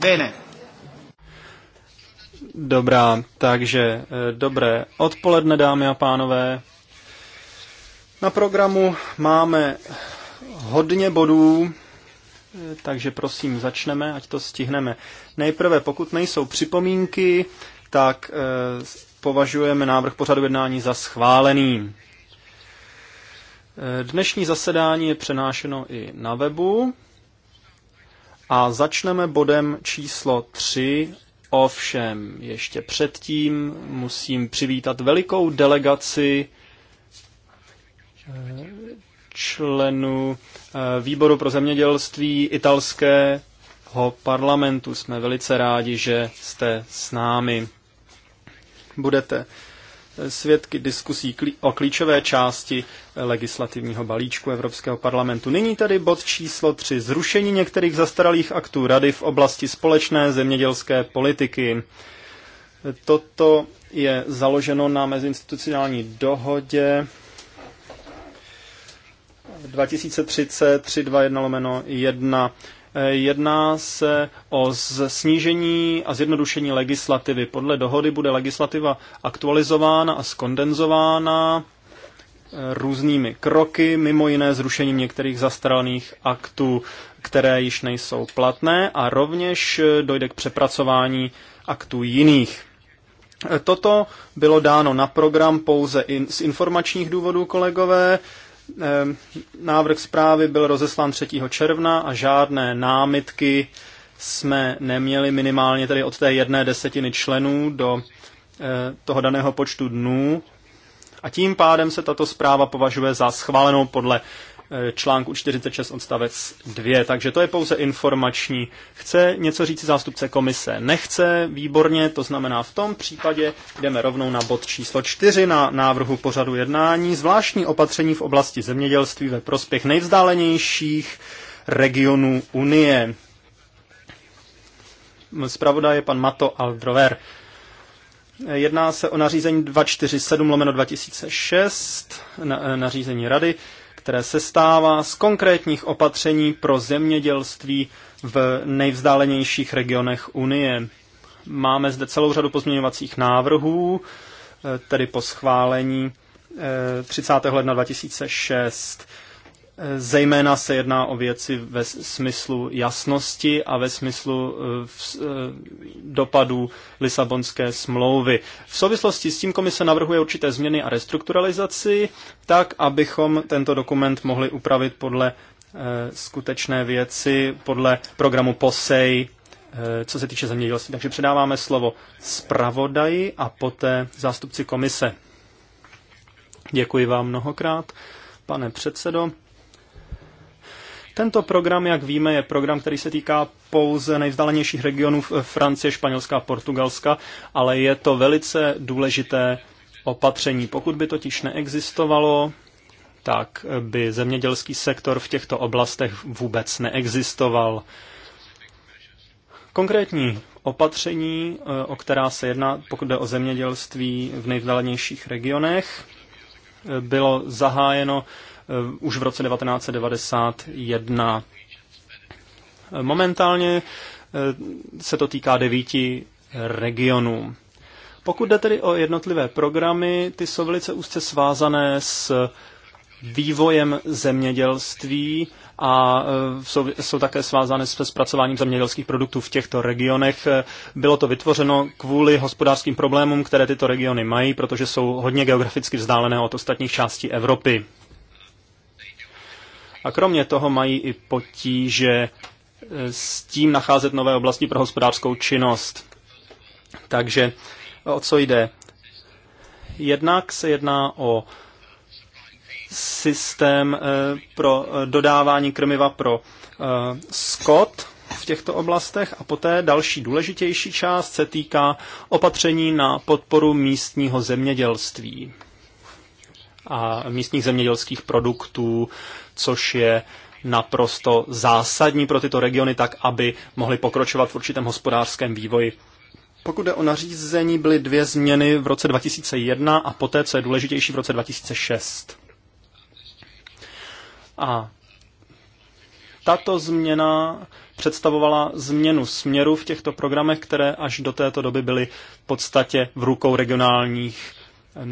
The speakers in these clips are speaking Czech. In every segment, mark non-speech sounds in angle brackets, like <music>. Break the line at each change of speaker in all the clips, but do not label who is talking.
Bene. Dobrá, takže eh, dobré odpoledne, dámy a pánové. Na programu máme hodně bodů, eh, takže prosím, začneme, ať to stihneme. Nejprve, pokud nejsou připomínky, tak eh, považujeme návrh pořadu jednání za schválený. Dnešní zasedání je přenášeno i na webu a začneme bodem číslo 3. Ovšem, ještě předtím musím přivítat velikou delegaci eh, členů eh, výboru pro zemědělství italského parlamentu. Jsme velice rádi, že jste s námi. Budete svědky diskusí o klíčové části legislativního balíčku Evropského parlamentu. Nyní tedy bod číslo 3. Zrušení některých zastaralých aktů Rady v oblasti společné zemědělské politiky. Toto je založeno na mezinstitucionální dohodě 2030 321 Jedná se o snížení a zjednodušení legislativy. Podle dohody bude legislativa aktualizována a skondenzována eh, různými kroky, mimo jiné zrušením některých zastaralých aktů, které již nejsou platné a rovněž eh, dojde k přepracování aktů jiných. Eh, toto bylo dáno na program pouze in, z informačních důvodů, kolegové. Ehm, návrh zprávy byl rozeslán 3. června a žádné námitky jsme neměli minimálně tedy od té jedné desetiny členů do eh, toho daného počtu dnů. A tím pádem se tato zpráva považuje za schválenou podle Eh, článku 46 odstavec 2. Takže to je pouze informační. Chce něco říct zástupce komise? Nechce? Výborně, to znamená v tom případě jdeme rovnou na bod číslo 4 na návrhu pořadu jednání. Zvláštní opatření v oblasti zemědělství ve prospěch nejvzdálenějších regionů Unie. Zpravodaj je pan Mato Aldrover. Eh, jedná se o nařízení 247 lomeno 2006, na, eh, nařízení rady, které se stává z konkrétních opatření pro zemědělství v nejvzdálenějších regionech Unie. Máme zde celou řadu pozměňovacích návrhů, eh, tedy po schválení eh, 30. ledna 2006. Zejména se jedná o věci ve smyslu jasnosti a ve smyslu e, e, dopadů Lisabonské smlouvy. V souvislosti s tím komise navrhuje určité změny a restrukturalizaci, tak abychom tento dokument mohli upravit podle e, skutečné věci, podle programu POSEJ, co se týče zemědělství. Takže předáváme slovo zpravodaji a poté zástupci komise. Děkuji vám mnohokrát, pane předsedo. Tento program, jak víme, je program, který se týká pouze nejvzdálenějších regionů Francie, Španělska a Portugalska, ale je to velice důležité opatření. Pokud by totiž neexistovalo, tak by zemědělský sektor v těchto oblastech vůbec neexistoval. Konkrétní opatření, eh, o která se jedná, pokud jde o zemědělství v nejvzdálenějších regionech, eh, bylo zahájeno Eh, už v roce 1991. Momentálně eh, se to týká devíti regionů. Pokud jde tedy o jednotlivé programy, ty jsou velice úzce svázané s vývojem zemědělství a eh, jsou, jsou také svázány se zpracováním zemědělských produktů v těchto regionech. Bylo to vytvořeno kvůli hospodářským problémům, které tyto regiony mají, protože jsou hodně geograficky vzdálené od ostatních částí Evropy a kromě toho mají i potíže eh, s tím nacházet nové oblasti pro hospodářskou činnost. Takže eh, o co jde? Jednak se jedná o systém eh, pro dodávání krmiva pro skot v těchto oblastech a poté další důležitější část se týká opatření na podporu místního zemědělství a místních zemědělských produktů, což je naprosto zásadní pro tyto regiony, tak aby mohly pokročovat v určitém hospodářském vývoji. Pokud jde o nařízení, byly dvě změny v roce 2001 a poté, co je důležitější, v roce 2006. A tato změna představovala změnu směru v těchto programech, které až do této doby byly v podstatě v rukou regionálních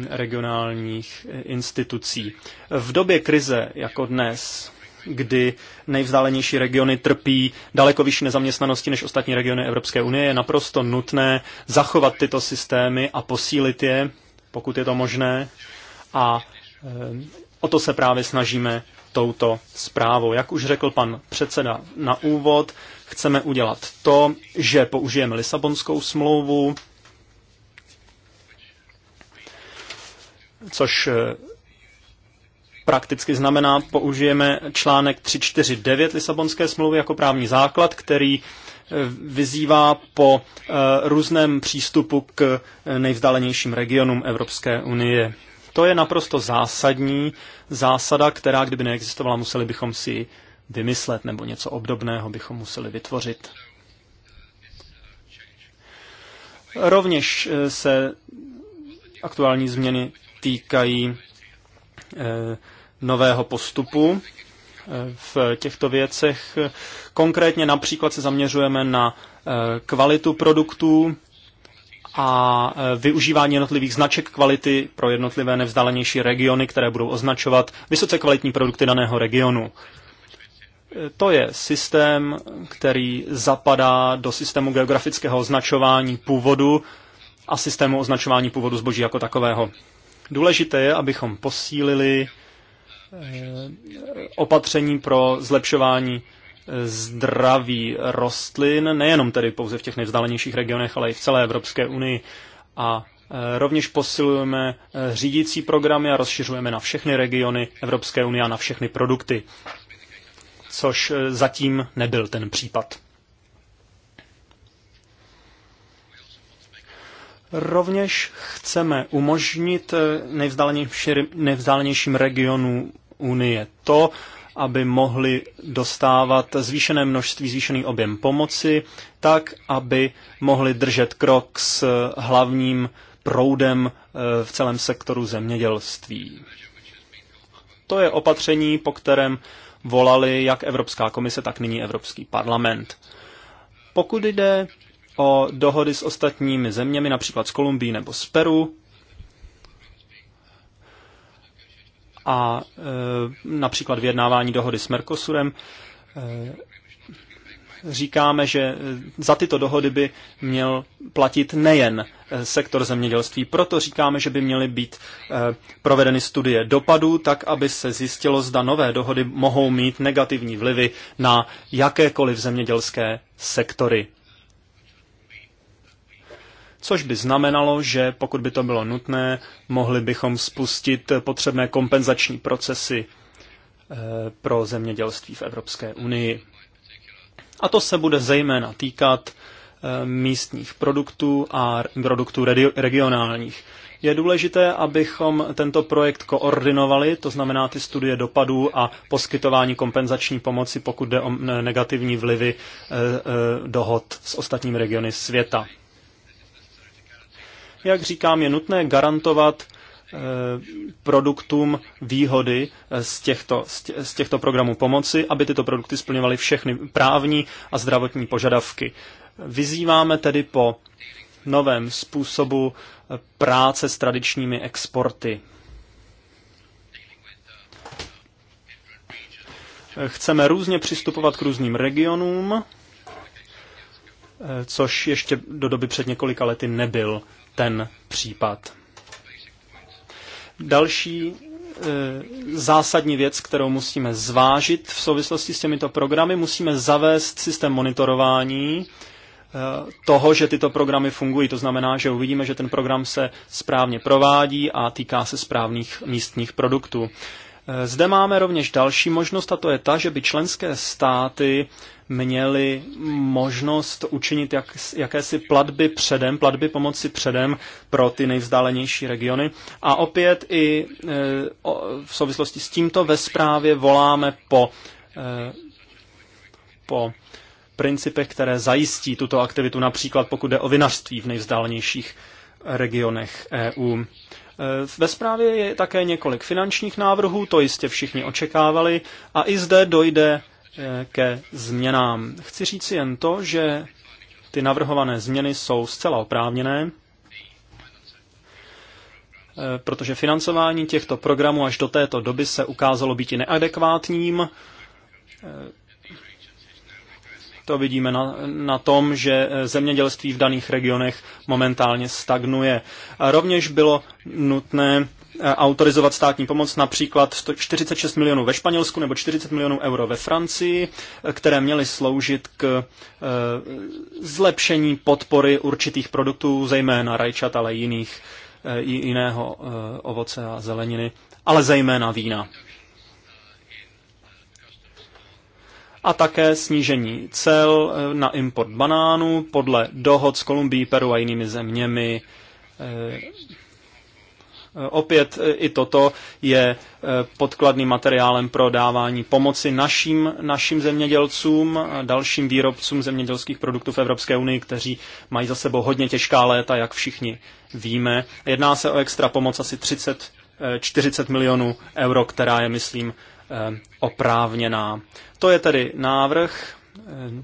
regionálních eh, institucí. V době krize jako dnes, kdy nejvzdálenější regiony trpí daleko vyšší nezaměstnanosti než ostatní regiony Evropské unie, je naprosto nutné zachovat tyto systémy a posílit je, pokud je to možné. A eh, o to se právě snažíme touto zprávou. Jak už řekl pan předseda na úvod, chceme udělat to, že použijeme Lisabonskou smlouvu, což eh, prakticky znamená, použijeme článek 349 Lisabonské smlouvy jako právní základ, který eh, vyzývá po eh, různém přístupu k nejvzdálenějším regionům Evropské unie. To je naprosto zásadní zásada, která kdyby neexistovala, museli bychom si vymyslet nebo něco obdobného bychom museli vytvořit. Rovněž se aktuální změny týkají eh, nového postupu eh, v těchto věcech. Konkrétně například se zaměřujeme na eh, kvalitu produktů a využívání jednotlivých značek kvality pro jednotlivé nevzdálenější regiony, které budou označovat vysoce kvalitní produkty daného regionu. To je systém, který zapadá do systému geografického označování původu a systému označování původu zboží jako takového. Důležité je, abychom posílili eh, opatření pro zlepšování eh, zdraví rostlin, nejenom tedy pouze v těch nejvzdálenějších regionech, ale i v celé Evropské unii. A eh, rovněž posilujeme řídící programy a rozšiřujeme na všechny regiony Evropské unie a na všechny produkty, což zatím nebyl ten případ. Rovněž chceme umožnit eh, nejvzdálenějším regionům Unie to, aby mohli dostávat zvýšené množství, zvýšený objem pomoci, tak, aby mohli držet krok s eh, hlavním proudem eh, v celém sektoru zemědělství. To je opatření, po kterém volali jak Evropská komise, tak nyní Evropský parlament. Pokud jde o dohody s ostatními zeměmi, například s Kolumbií nebo s Peru. A e, například vyjednávání dohody s Mercosurem. E, říkáme, že e, za tyto dohody by měl platit nejen e, sektor zemědělství. Proto říkáme, že by měly být e, provedeny studie dopadů, tak aby se zjistilo, zda nové dohody mohou mít negativní vlivy na jakékoliv zemědělské sektory což by znamenalo, že pokud by to bylo nutné, mohli bychom spustit potřebné kompenzační procesy eh, pro zemědělství v Evropské unii. A to se bude zejména týkat eh, místních produktů a produktů regionálních. Je důležité, abychom tento projekt koordinovali, to znamená ty studie dopadů a poskytování kompenzační pomoci, pokud jde o negativní vlivy eh, dohod s ostatními regiony světa. Jak říkám, je nutné garantovat eh, produktům výhody eh, z těchto, z těchto programů pomoci, aby tyto produkty splňovaly všechny právní a zdravotní požadavky. Vyzýváme tedy po novém způsobu eh, práce s tradičními exporty. Chceme různě přistupovat k různým regionům což ještě do doby před několika lety nebyl ten případ. Další e, zásadní věc, kterou musíme zvážit v souvislosti s těmito programy, musíme zavést systém monitorování e, toho, že tyto programy fungují. To znamená, že uvidíme, že ten program se správně provádí a týká se správných místních produktů. Zde máme rovněž další možnost, a to je ta, že by členské státy měly možnost učinit jak, jakési platby předem, platby pomoci předem pro ty nejvzdálenější regiony. A opět i e, o, v souvislosti s tímto ve zprávě voláme po, e, po principech, které zajistí tuto aktivitu, například pokud jde o vinařství v nejvzdálenějších regionech EU. Eh, ve zprávě je také několik finančních návrhů, to jistě všichni očekávali, a i zde dojde eh, ke změnám. Chci říci jen to, že ty navrhované změny jsou zcela oprávněné, eh, protože financování těchto programů až do této doby se ukázalo být i neadekvátním. To vidíme na, na tom, že eh, zemědělství v daných regionech momentálně stagnuje. A rovněž bylo nutné eh, autorizovat státní pomoc, například 46 milionů ve Španělsku nebo 40 milionů euro ve Francii, eh, které měly sloužit k zlepšení podpory určitých produktů, zejména rajčat, ale jiných, jiného ovoce a zeleniny, ale zejména vína. a také snížení cel eh, na import banánů podle dohod s Kolumbií, Peru a jinými zeměmi. Eh, eh, opět i toto je podkladným materiálem pro dávání pomoci našim, našim zemědělcům, dalším výrobcům zemědělských produktů v Evropské unii, kteří mají za sebou hodně těžká léta, jak všichni víme. Jedná se o extra pomoc asi 30 40 milionů euro, která je, myslím, Eh, oprávněná. To je tedy návrh eh,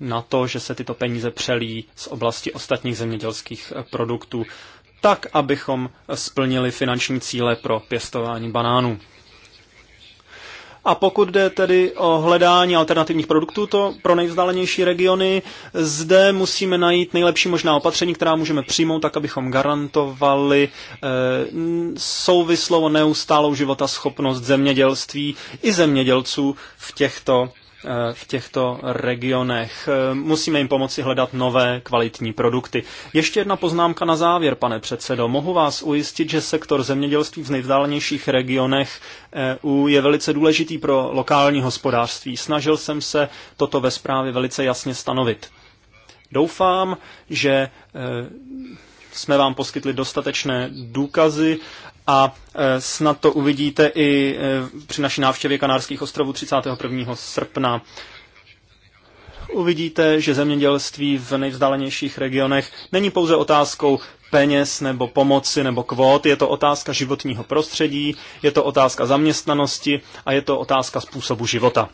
na to, že se tyto peníze přelí z oblasti ostatních zemědělských eh, produktů, tak, abychom splnili finanční cíle pro pěstování banánů. A pokud jde tedy o hledání alternativních produktů to pro nejvzdálenější regiony, zde musíme najít nejlepší možná opatření, která můžeme přijmout, tak abychom garantovali eh, souvislou neustálou životaschopnost zemědělství i zemědělců v těchto Eh, v těchto regionech. Eh, musíme jim pomoci hledat nové kvalitní produkty. Ještě jedna poznámka na závěr, pane předsedo. Mohu vás ujistit, že sektor zemědělství v nejvzdálenějších regionech EU je velice důležitý pro lokální hospodářství. Snažil jsem se toto ve zprávě velice jasně stanovit. Doufám, že eh, jsme vám poskytli dostatečné důkazy a e, snad to uvidíte i e, při naší návštěvě Kanárských ostrovů 31. srpna. Uvidíte, že zemědělství v nejvzdálenějších regionech není pouze otázkou peněz nebo pomoci nebo kvót, je to otázka životního prostředí, je to otázka zaměstnanosti a je to otázka způsobu života.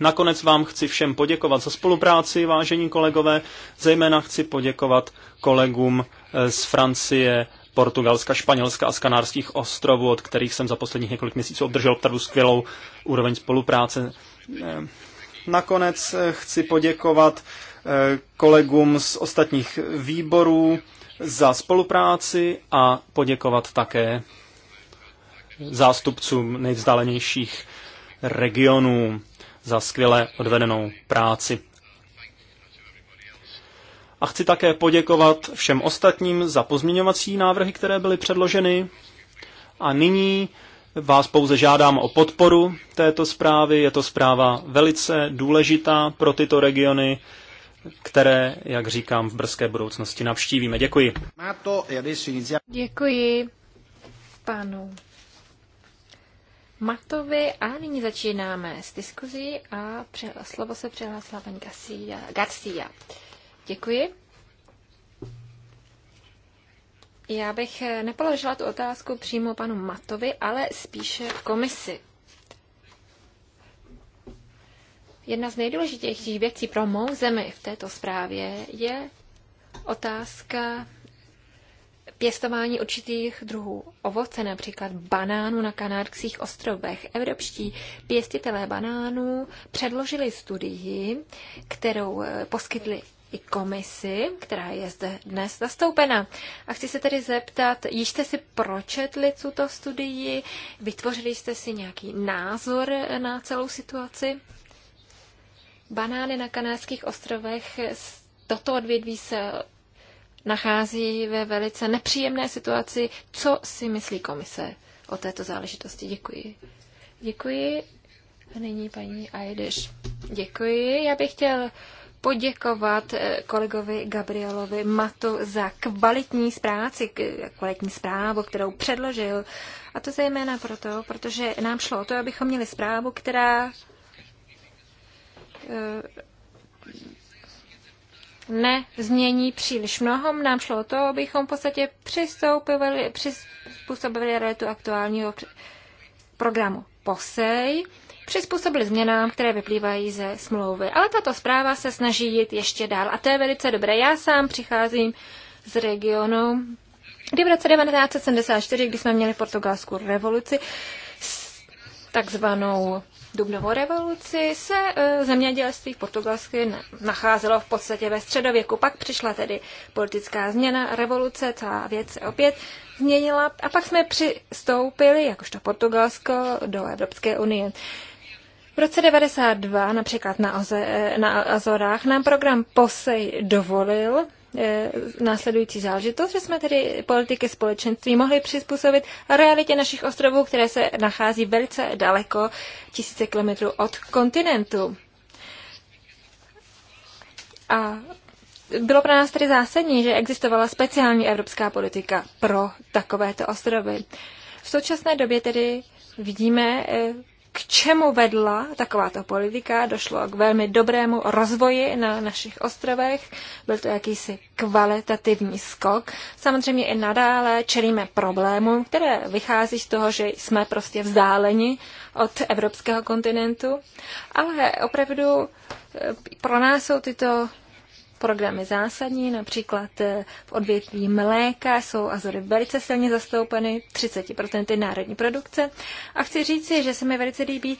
Nakonec vám chci všem poděkovat za spolupráci, vážení kolegové, zejména chci poděkovat kolegům e, z Francie, Portugalska, Španělska a z Kanárských ostrovů, od kterých jsem za posledních několik měsíců obdržel opravdu skvělou úroveň spolupráce. Eh, nakonec eh, chci poděkovat eh, kolegům z ostatních výborů za spolupráci a poděkovat také zástupcům nejvzdálenějších regionů za skvěle odvedenou práci. A chci také poděkovat všem ostatním za pozměňovací návrhy, které byly předloženy. A nyní vás pouze žádám o podporu této zprávy. Je to zpráva velice důležitá pro tyto regiony, které, jak říkám, v brzké budoucnosti navštívíme. Děkuji.
Děkuji panu Matovi a nyní začínáme s diskuzí a slovo se přihlásila paní Garcia. Garcia. Děkuji. Já bych eh, nepoložila tu otázku přímo panu Matovi, ale spíše komisi. Jedna z nejdůležitějších věcí pro mou zemi v této zprávě je otázka pěstování určitých druhů ovoce, například banánu na Kanárských ostrovech. Evropští pěstitelé banánů předložili studii, kterou eh, poskytli i komisi, která je zde dnes zastoupena. A chci se tedy zeptat, již jste si pročetli tuto studii, vytvořili jste si nějaký názor na celou situaci? Banány na kanářských ostrovech, toto odvědví se nachází ve velice nepříjemné situaci. Co si myslí komise o této záležitosti? Děkuji. Děkuji. A nyní paní Ajdeš. Děkuji. Já bych chtěl poděkovat eh, kolegovi Gabrielovi Matu za kvalitní zpráci, kvalitní zprávu, kterou předložil. A to zejména proto, protože nám šlo o to, abychom měli zprávu, která eh, nezmění příliš mnoho. Nám šlo o to, abychom v podstatě přizpůsobili realitu aktuálního programu POSEJ přizpůsobili změnám, které vyplývají ze smlouvy. Ale tato zpráva se snaží jít ještě dál a to je velice dobré. Já sám přicházím z regionu, kdy v roce 1974, kdy jsme měli portugalskou revoluci, takzvanou Dubnovou revoluci se e, zemědělství v Portugalsku nacházelo v podstatě ve středověku. Pak přišla tedy politická změna, revoluce, celá věc se opět změnila a pak jsme přistoupili, jakožto Portugalsko, do Evropské unie. V roce 92 například na, Oze, eh, na Azorách nám program POSEJ dovolil eh, následující záležitost, že jsme tedy politiky společenství mohli přizpůsobit realitě našich ostrovů, které se nachází velice daleko, tisíce kilometrů od kontinentu. A bylo pro nás tedy zásadní, že existovala speciální evropská politika pro takovéto ostrovy. V současné době tedy vidíme eh, k čemu vedla takováto politika. Došlo k velmi dobrému rozvoji na našich ostrovech. Byl to jakýsi kvalitativní skok. Samozřejmě i nadále čelíme problémům, které vychází z toho, že jsme prostě vzdáleni od evropského kontinentu. Ale opravdu eh, pro nás jsou tyto programy zásadní, například eh, v odvětví mléka jsou Azory velice silně zastoupeny, 30% národní produkce. A chci říci, že se mi velice líbí,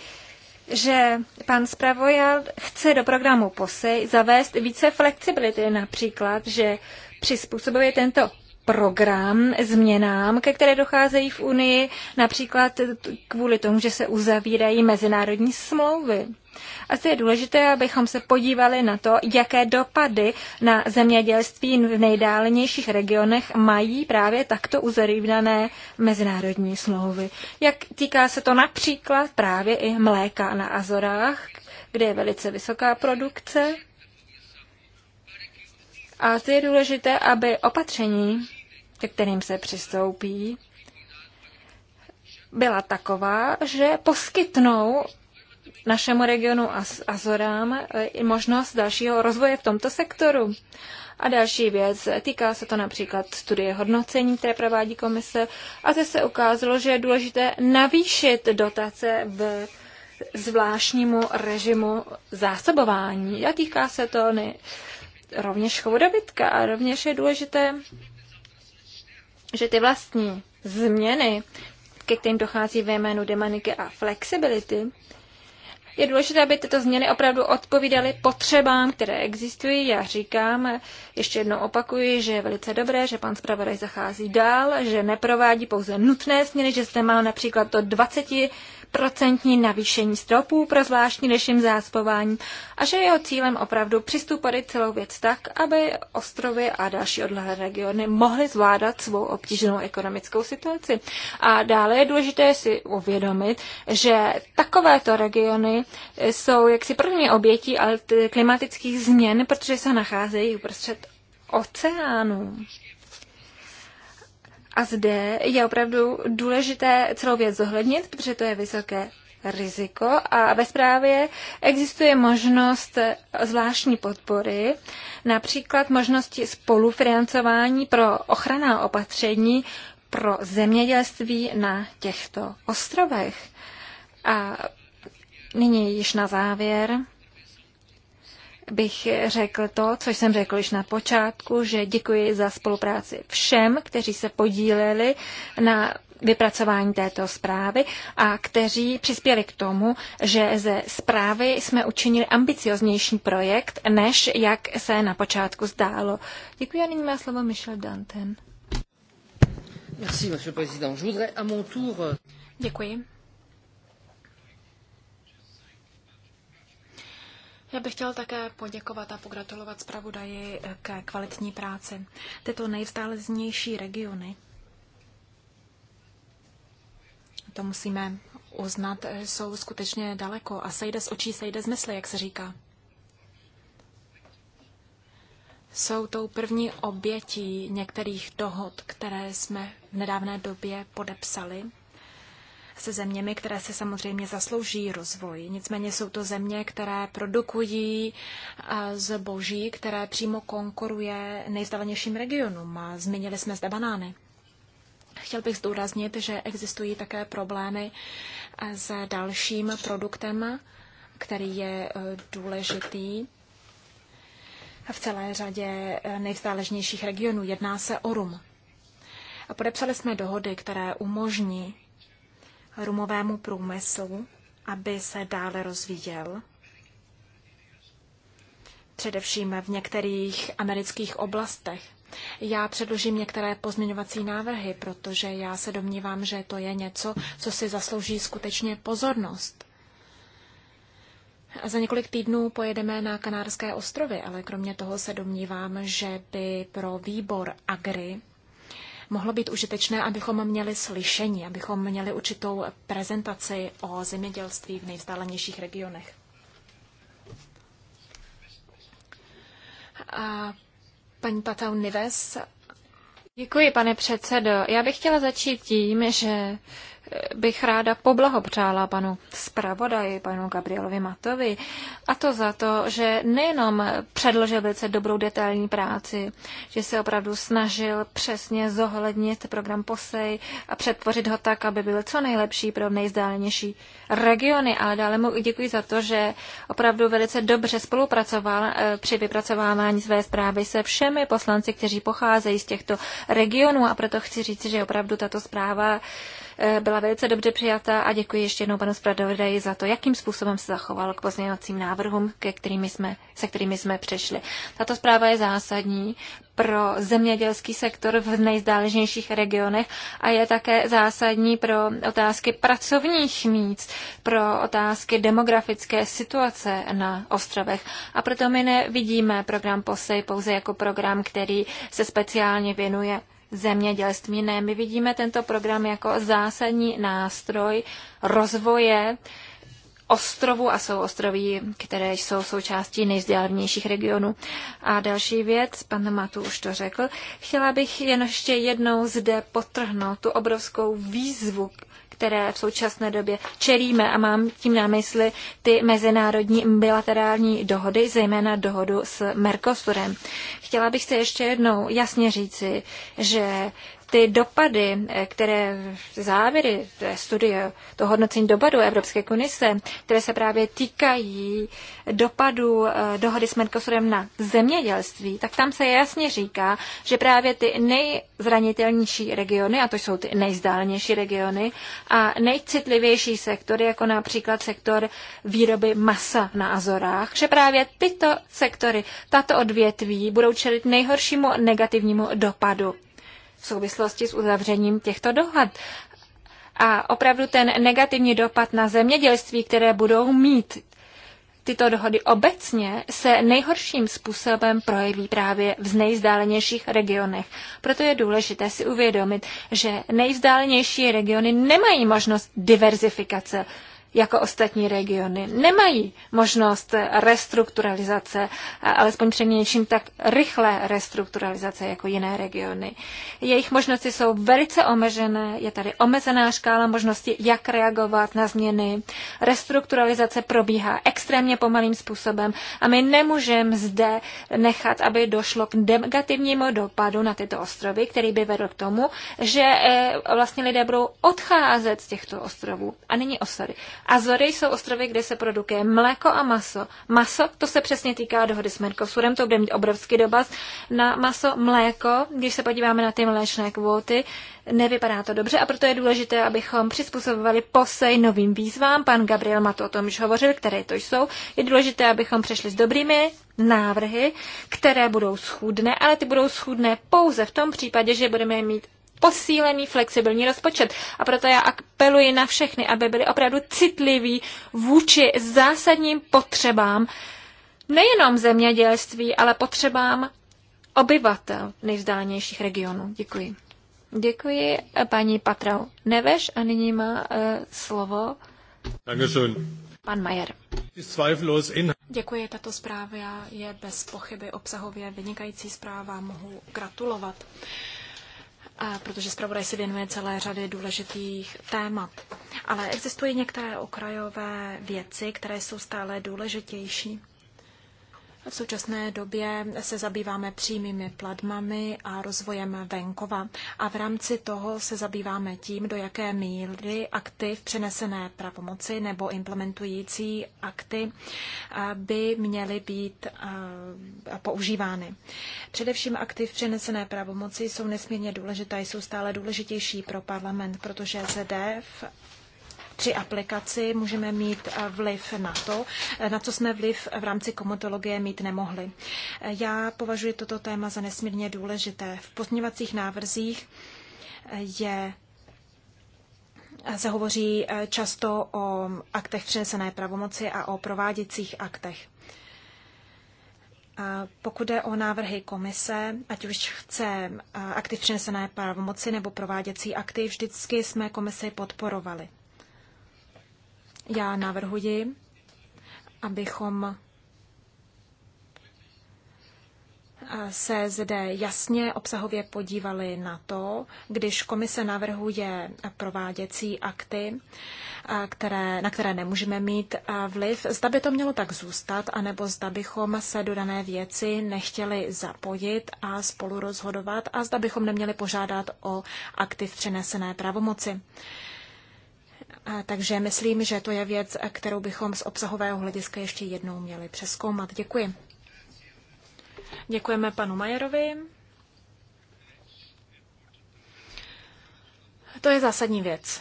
že pan Spravojal chce do programu POSEJ zavést více flexibility, například, že přizpůsobuje tento program změnám, ke které docházejí v Unii, například kvůli tomu, že se uzavírají mezinárodní smlouvy. Asi je důležité, abychom se podívali na to, jaké dopady na zemědělství v nejdálnějších regionech mají právě takto uzavírané mezinárodní smlouvy. Jak týká se to například právě i mléka na Azorách, kde je velice vysoká produkce. A to je důležité, aby opatření, ke kterým se přistoupí, byla taková, že poskytnou našemu regionu Azorám eh, možnost dalšího rozvoje v tomto sektoru. A další věc, týká se to například studie hodnocení, které provádí komise, a zde se ukázalo, že je důležité navýšit dotace v zvláštnímu režimu zásobování. A týká se to ne, rovněž chovu dobytka a rovněž je důležité že ty vlastní změny, ke kterým dochází ve jménu demaniky a flexibility, je důležité, aby tyto změny opravdu odpovídaly potřebám, které existují. Já říkám, ještě jednou opakuji, že je velice dobré, že pan zpravodaj zachází dál, že neprovádí pouze nutné změny, že zde má například to procentní navýšení stropů pro zvláštní režim zásobování, a že jeho cílem opravdu přistupovat celou věc tak, aby ostrovy a další odlehlé regiony mohly zvládat svou obtížnou ekonomickou situaci. A dále je důležité si uvědomit, že takovéto regiony jsou jaksi první obětí klimatických změn, protože se nacházejí uprostřed oceánů. A zde je opravdu důležité celou věc zohlednit, protože to je vysoké riziko a ve zprávě existuje možnost zvláštní podpory, například možnosti spolufinancování pro ochranná opatření pro zemědělství na těchto ostrovech. A nyní již na závěr bych řekl to, co jsem řekl již na počátku, že děkuji za spolupráci všem, kteří se podíleli na vypracování této zprávy a kteří přispěli k tomu, že ze zprávy jsme učinili ambicioznější projekt, než jak se na počátku zdálo. Děkuji a nyní má slovo Michel Danten. Merci, monsieur le président. Je voudrais à mon tour... Euh, děkuji.
Já bych chtěl také poděkovat a pogratulovat zpravodaji ke kvalitní práci. Tyto nejvzdáleznější regiony, to musíme uznat, jsou skutečně daleko a sejde z očí, sejde z mysli, jak se říká. Jsou tou první obětí některých dohod, které jsme v nedávné době podepsali se zeměmi, které se samozřejmě zaslouží rozvoj. Nicméně jsou to země, které produkují eh, zboží, které přímo konkuruje nejzdalenějším regionům. Zmínili jsme zde banány. Chtěl bych zdůraznit, že existují také problémy eh, s dalším produktem, který je eh, důležitý v celé řadě nejvzdáležnějších regionů. Jedná se o rum. A podepsali jsme dohody, které umožní rumovému průmyslu, aby se dále rozvíjel. Především v některých amerických oblastech. Já předložím některé pozměňovací návrhy, protože já se domnívám, že to je něco, co si zaslouží skutečně pozornost. A za několik týdnů pojedeme na Kanárské ostrovy, ale kromě toho se domnívám, že by pro výbor Agri mohlo být užitečné, abychom měli slyšení, abychom měli určitou prezentaci o zemědělství v nejvzdálenějších regionech.
A paní Patau Nives. Děkuji, pane předsedo. Já bych chtěla začít tím, že bych ráda poblahopřála panu zpravodaji, panu Gabrielovi Matovi, a to za to, že nejenom předložil velice dobrou detailní práci, že se opravdu snažil přesně zohlednit program POSEJ a přetvořit ho tak, aby byl co nejlepší pro nejzdálenější regiony, ale dále mu děkuji za to, že opravdu velice dobře spolupracoval eh, při vypracovávání své zprávy se všemi poslanci, kteří pocházejí z těchto regionů a proto chci říct, že opravdu tato zpráva Eh, byla velice dobře přijata a děkuji ještě jednou panu zpravodaji za to, jakým způsobem se zachoval k pozměňovacím návrhům, ke kterými jsme, se kterými jsme přišli. Tato zpráva je zásadní pro zemědělský sektor v nejzdáležnějších regionech a je také zásadní pro otázky pracovních míst, pro otázky demografické situace na ostrovech. A proto my nevidíme program POSEJ pouze jako program, který se speciálně věnuje zemědělství. Ne, my vidíme tento program jako zásadní nástroj rozvoje ostrovu a jsou ostroví, které jsou součástí nejvzdálenějších regionů. A další věc, pan Matu už to řekl, chtěla bych jen ještě jednou zde potrhnout tu obrovskou výzvu, které v současné době čelíme a mám tím na mysli ty mezinárodní bilaterální dohody, zejména dohodu s Mercosurem. Chtěla bych se ještě jednou jasně říci, že ty dopady, eh, které závěry té studie, to hodnocení dopadu Evropské komise, které se právě týkají dopadu eh, dohody s Mercosurem na zemědělství, tak tam se jasně říká, že právě ty nejzranitelnější regiony, a to jsou ty nejzdálnější regiony, a nejcitlivější sektory, jako například sektor výroby masa na Azorách, že právě tyto sektory, tato odvětví budou čelit nejhoršímu negativnímu dopadu v souvislosti s uzavřením těchto dohod. A opravdu ten negativní dopad na zemědělství, které budou mít tyto dohody obecně, se nejhorším způsobem projeví právě v nejvzdálenějších regionech. Proto je důležité si uvědomit, že nejvzdálenější regiony nemají možnost diverzifikace jako ostatní regiony. Nemají možnost restrukturalizace, alespoň přeměnějším tak rychlé restrukturalizace jako jiné regiony. Jejich možnosti jsou velice omezené, je tady omezená škála možností, jak reagovat na změny. Restrukturalizace probíhá extrémně pomalým způsobem a my nemůžeme zde nechat, aby došlo k negativnímu dopadu na tyto ostrovy, který by vedl k tomu, že eh, vlastně lidé budou odcházet z těchto ostrovů. A není osady. Azory jsou ostrovy, kde se produkuje mléko a maso. Maso, to se přesně týká dohody s Mercosurem, to bude mít obrovský dobaz. Na maso, mléko, když se podíváme na ty mléčné kvóty, nevypadá to dobře a proto je důležité, abychom přizpůsobovali posej novým výzvám. Pan Gabriel Mato o tom už hovořil, které to jsou. Je důležité, abychom přešli s dobrými návrhy, které budou schůdné, ale ty budou schůdné pouze v tom případě, že budeme mít posílený flexibilní rozpočet. A proto já apeluji na všechny, aby byli opravdu citliví vůči zásadním potřebám nejenom zemědělství, ale potřebám obyvatel nejvzdálenějších regionů. Děkuji. Děkuji paní Patrau Neveš a nyní má uh, slovo Dankeschön. pan Majer. Děkuji, tato zpráva
je bez pochyby obsahově vynikající zpráva, mohu gratulovat. Uh, protože zpravodaj se věnuje celé řady důležitých témat. Ale existují některé okrajové věci, které jsou stále důležitější. V současné době se zabýváme přímými platbami a rozvojem venkova a v rámci toho se zabýváme tím, do jaké míry akty v přenesené pravomoci nebo implementující akty eh, by měly být eh, používány. Především akty v přenesené pravomoci jsou nesmírně důležité, jsou stále důležitější pro parlament, protože ZDF při aplikaci můžeme mít eh, vliv na to, eh, na co jsme vliv v rámci komodologie mít nemohli. Eh, já považuji toto téma za nesmírně důležité. V pozměňovacích návrzích je se hovoří často o aktech přenesené pravomoci a o prováděcích aktech. Pokud jde o návrhy komise, ať už chce aktiv přenesené pravomoci nebo prováděcí akty, vždycky jsme komisi podporovali. Já navrhuji, abychom eh, se zde jasně obsahově podívali na to, když komise navrhuje prováděcí akty, eh, které, na které nemůžeme mít eh, vliv, zda by to mělo tak zůstat, anebo zda bychom se do dané věci nechtěli zapojit a spolu rozhodovat a zda bychom neměli požádat o akty v přenesené pravomoci. Takže myslím, že to je věc, kterou bychom z obsahového hlediska ještě jednou měli přeskoumat. Děkuji. Děkujeme panu Majerovi. To je zásadní věc,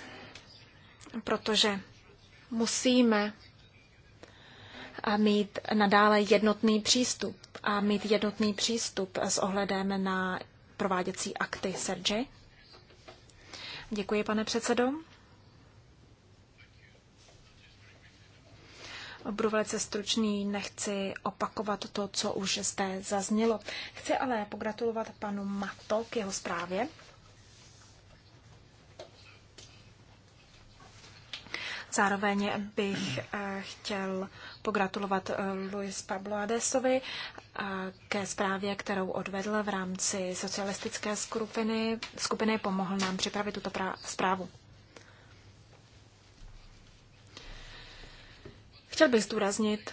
protože musíme mít nadále jednotný přístup a mít jednotný přístup s ohledem na prováděcí akty Sergej. Děkuji, pane předsedo. Budu velice stručný, nechci opakovat to, co už zde zaznělo. Chci ale pogratulovat panu Mato k jeho zprávě. Zároveň bych eh, chtěl pogratulovat eh, Luis Pablo Adesovi eh, ke zprávě, kterou odvedl v rámci socialistické skupiny. Skupiny pomohl nám připravit tuto zprávu. Chtěl bych zdůraznit,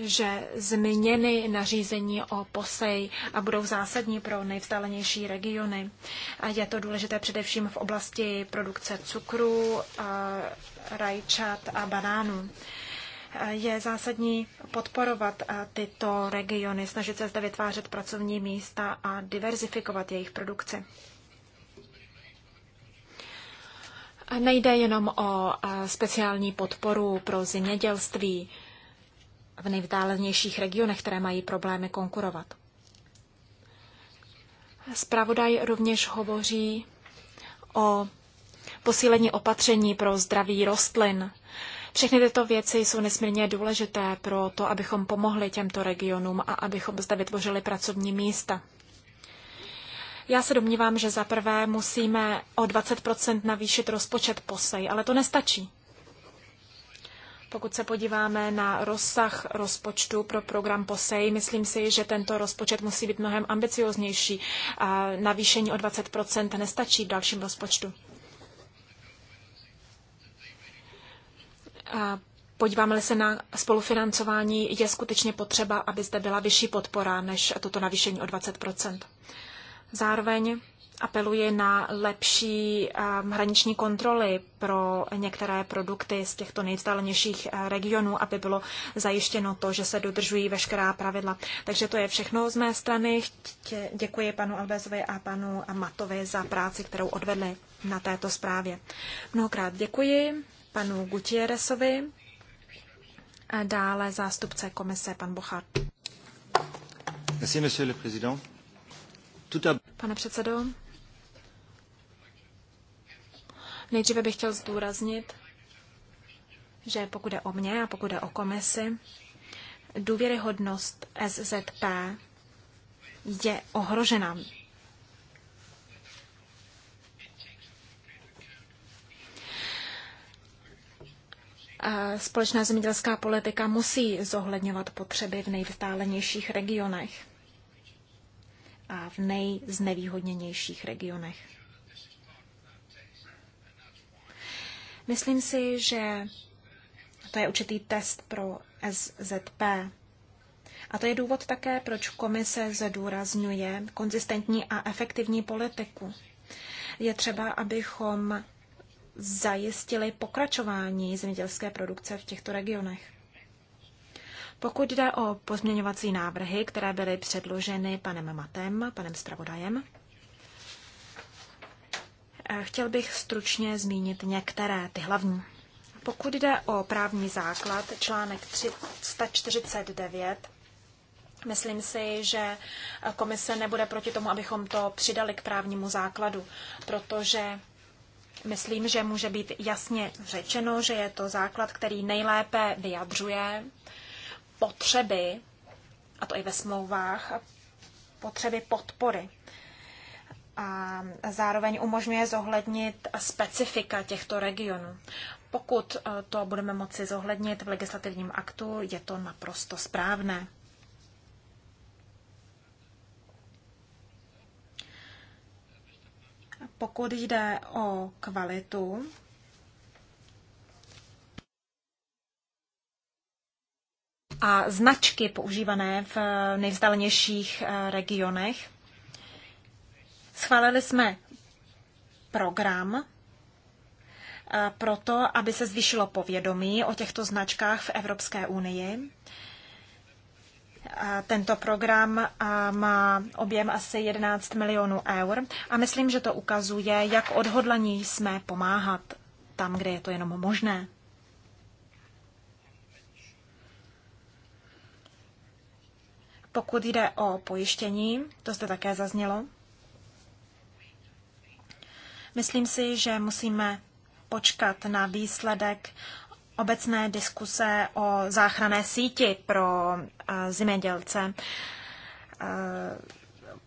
že změny nařízení o POSEJ a budou zásadní pro nejvzdálenější regiony. A Je to důležité především v oblasti produkce cukru, rajčat a banánů. Je zásadní podporovat tyto regiony, snažit se zde vytvářet pracovní místa a diverzifikovat jejich produkci. Nejde jenom o speciální podporu pro zemědělství v nejvzdálenějších regionech, které mají problémy konkurovat. Spravodaj rovněž hovoří o posílení opatření pro zdraví rostlin. Všechny tyto věci jsou nesmírně důležité pro to, abychom pomohli těmto regionům a abychom zde vytvořili pracovní místa. Já se domnívám, že za prvé musíme o 20 navýšit rozpočet posej, ale to nestačí. Pokud se podíváme na rozsah rozpočtu pro program POSEJ, myslím si, že tento rozpočet musí být mnohem ambicioznější. A navýšení o 20 nestačí v dalším rozpočtu. A podíváme se na spolufinancování, je skutečně potřeba, aby zde byla vyšší podpora než toto navýšení o 20 Zároveň apeluje na lepší ehm, hraniční kontroly pro některé produkty z těchto nejvzdálenějších eh, regionů, aby bylo zajištěno to, že se dodržují veškerá pravidla. Takže to je všechno z mé strany. Děkuji panu Albezovi a panu Matovi za práci, kterou odvedli na této zprávě. Mnohokrát děkuji panu Gutierrezovi a dále zástupce komise pan Bochard.
Merci, monsieur le président.
Pane předsedo, nejdříve bych chtěl zdůraznit, že pokud je o mě a pokud je o komisi, důvěryhodnost SZP je ohrožena. Společná zemědělská politika musí zohledňovat potřeby v nejvzdálenějších regionech a v nejznevýhodněnějších regionech. Myslím si, že to je určitý test pro SZP. A to je důvod také, proč komise zdůrazňuje konzistentní a efektivní politiku. Je třeba, abychom zajistili pokračování zemědělské produkce v těchto regionech. Pokud jde o pozměňovací návrhy, které byly předloženy panem Matem, panem Stravodajem, eh, chtěl bych stručně zmínit některé, ty hlavní. Pokud jde o právní základ, článek 349, myslím si, že komise nebude proti tomu, abychom to přidali k právnímu základu, protože myslím, že může být jasně řečeno, že je to základ, který nejlépe vyjadřuje potřeby, a to i ve smlouvách, potřeby podpory. A zároveň umožňuje zohlednit specifika těchto regionů. Pokud eh, to budeme moci zohlednit v legislativním aktu, je to naprosto správné. Pokud jde o kvalitu, a značky používané v eh, nejvzdálenějších eh, regionech. Schválili jsme program eh, proto, aby se zvýšilo povědomí o těchto značkách v Evropské unii. Tento program má objem asi 11 milionů eur a myslím, že to ukazuje, jak odhodlaní jsme pomáhat tam, kde je to jenom možné. Pokud jde o pojištění, to zde také zaznělo, myslím si, že musíme počkat na výsledek obecné diskuse o záchrané síti pro zemědělce.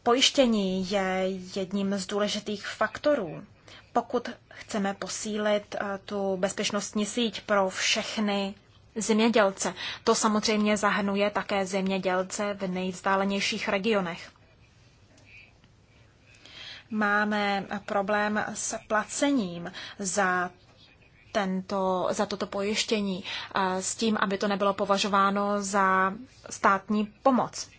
Pojištění je jedním z důležitých faktorů, pokud chceme posílit tu bezpečnostní síť pro všechny zemědělce. To samozřejmě zahrnuje také zemědělce v nejvzdálenějších regionech. Máme problém s placením za tento, za toto pojištění s tím, aby to nebylo považováno za státní pomoc.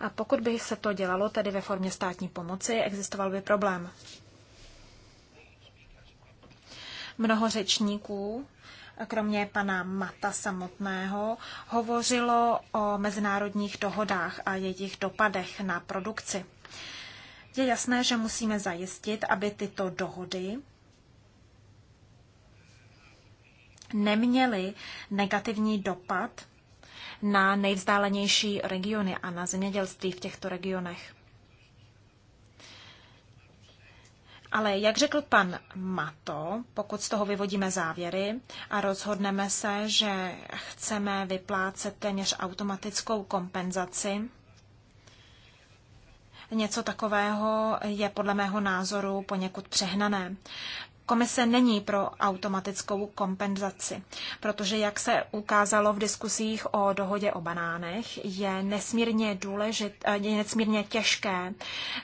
A pokud by se to dělalo tedy ve formě státní pomoci, existoval by problém. Mnoho řečníků kromě pana Mata samotného, hovořilo o mezinárodních dohodách a jejich dopadech na produkci. Je jasné, že musíme zajistit, aby tyto dohody neměly negativní dopad na nejvzdálenější regiony a na zemědělství v těchto regionech. Ale jak řekl pan Mato, pokud z toho vyvodíme závěry a rozhodneme se, že chceme vyplácet téměř automatickou kompenzaci, Něco takového je podle mého názoru poněkud přehnané. Komise není pro automatickou kompenzaci, protože, jak se ukázalo v diskusích o dohodě o banánech, je nesmírně, důležit, je nesmírně těžké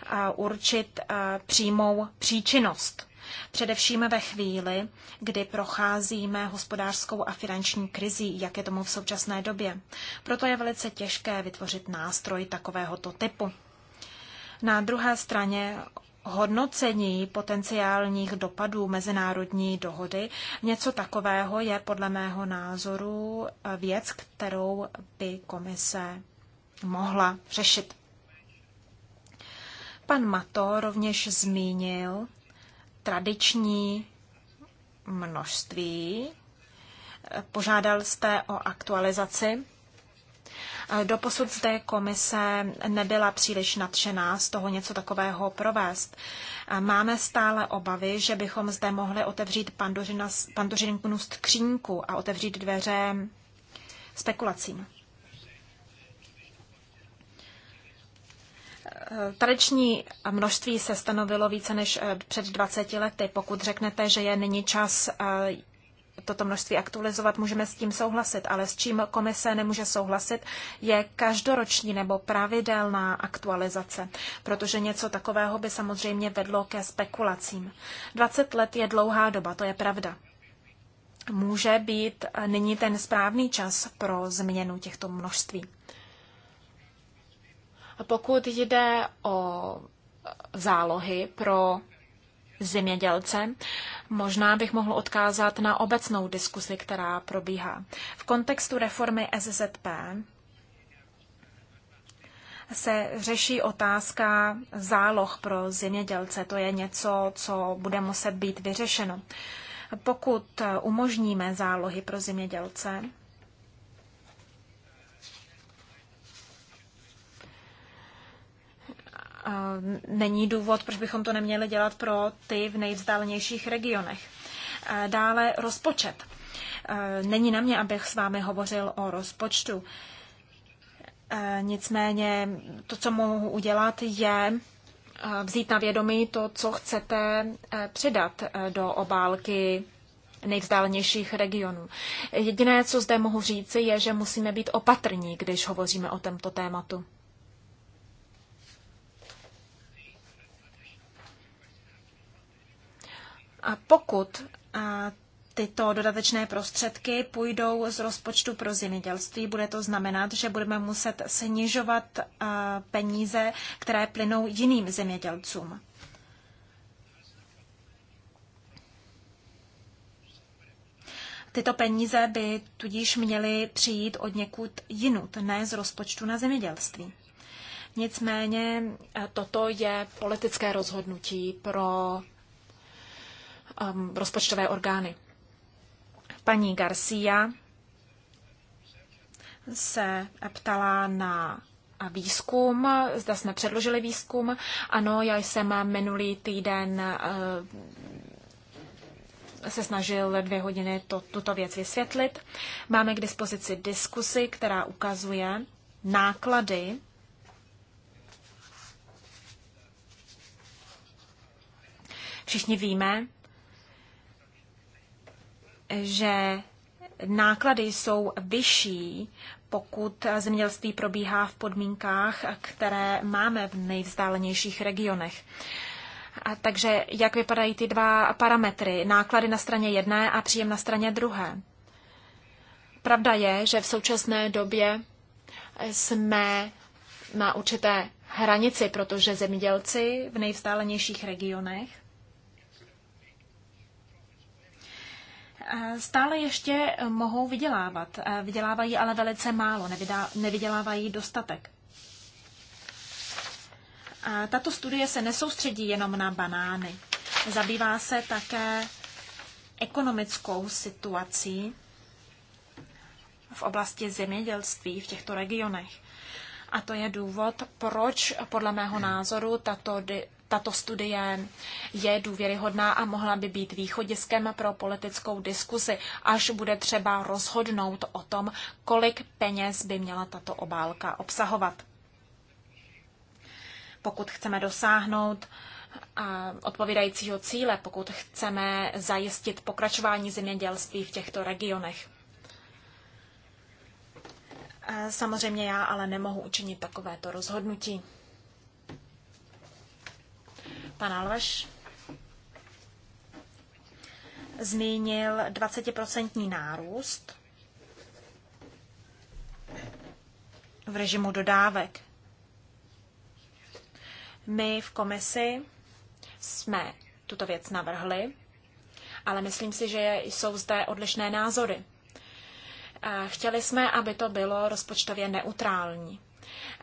eh, určit eh, přímou příčinnost. Především ve chvíli, kdy procházíme hospodářskou a finanční krizí, jak je tomu v současné době. Proto je velice těžké vytvořit nástroj takovéhoto typu. Na druhé straně hodnocení potenciálních dopadů mezinárodní dohody, něco takového je podle mého názoru věc, kterou by komise mohla řešit. Pan Mato rovněž zmínil tradiční množství. Požádal jste o aktualizaci Doposud zde komise nebyla příliš nadšená z toho něco takového provést. Máme stále obavy, že bychom zde mohli otevřít pandořinu skřínku a otevřít dveře spekulacím. Tradiční množství se stanovilo více než před 20 lety. Pokud řeknete, že je nyní čas toto množství aktualizovat, můžeme s tím souhlasit, ale s čím komise nemůže souhlasit, je každoroční nebo pravidelná aktualizace, protože něco takového by samozřejmě vedlo ke spekulacím. 20 let je dlouhá doba, to je pravda. Může být nyní ten správný čas pro změnu těchto množství. A pokud jde o zálohy pro zemědělce, možná bych mohl odkázat na obecnou diskusi, která probíhá. V kontextu reformy SZP se řeší otázka záloh pro zemědělce. To je něco, co bude muset být vyřešeno. Pokud umožníme zálohy pro zemědělce, není důvod, proč bychom to neměli dělat pro ty v nejvzdálenějších regionech. Dále rozpočet. Není na mě, abych s vámi hovořil o rozpočtu. Nicméně to, co mohu udělat, je vzít na vědomí to, co chcete přidat do obálky nejvzdálenějších regionů. Jediné, co zde mohu říci, je, že musíme být opatrní, když hovoříme o tomto tématu. A pokud a tyto dodatečné prostředky půjdou z rozpočtu pro zemědělství, bude to znamenat, že budeme muset snižovat peníze, které plynou jiným zemědělcům. Tyto peníze by tudíž měly přijít od někud jinut, ne z rozpočtu na zemědělství. Nicméně toto je politické rozhodnutí pro Um, rozpočtové orgány. Paní Garcia se ptala na a výzkum, zda jsme předložili výzkum. Ano, já jsem minulý týden eh, se snažil dvě hodiny to, tuto věc vysvětlit. Máme k dispozici diskusi, která ukazuje náklady Všichni víme, že náklady jsou vyšší, pokud zemědělství probíhá v podmínkách, které máme v nejvzdálenějších regionech. A takže jak vypadají ty dva parametry, náklady na straně jedné a příjem na straně druhé? Pravda je, že v současné době jsme na určité hranici, protože zemědělci v nejvzdálenějších regionech Eh, stále ještě eh, mohou vydělávat. Eh, vydělávají ale velice málo, nevydělávají dostatek. Tato studie se nesoustředí jenom na banány. Zabývá se také ekonomickou situací v oblasti zemědělství v těchto regionech. A to je důvod, proč podle mého názoru tato tato studie je důvěryhodná a mohla by být východiskem pro politickou diskusi, až bude třeba rozhodnout o tom, kolik peněz by měla tato obálka obsahovat. Pokud chceme dosáhnout odpovídajícího cíle, pokud chceme zajistit pokračování zemědělství v těchto regionech. Samozřejmě já ale nemohu učinit takovéto rozhodnutí. Pan Alveš zmínil 20% nárůst v režimu dodávek. My v komisi jsme tuto věc navrhli, ale myslím si, že jsou zde odlišné názory. Chtěli jsme, aby to bylo rozpočtově neutrální.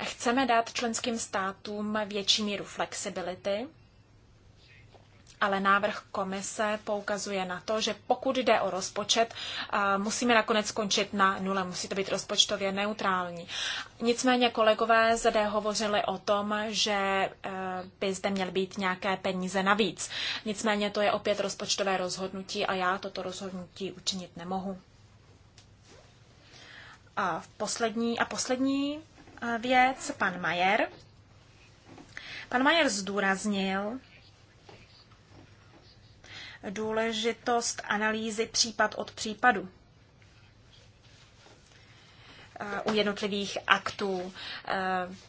Chceme dát členským státům větší míru flexibility, ale návrh komise poukazuje na to, že pokud jde o rozpočet, eh, musíme nakonec skončit na nule, musí to být rozpočtově neutrální. Nicméně kolegové zde hovořili o tom, že eh, by zde měly být nějaké peníze navíc. Nicméně to je opět rozpočtové rozhodnutí a já toto rozhodnutí učinit nemohu. A poslední, a poslední eh, věc, pan Majer. Pan Majer zdůraznil, důležitost analýzy případ od případu eh, u jednotlivých aktů, eh,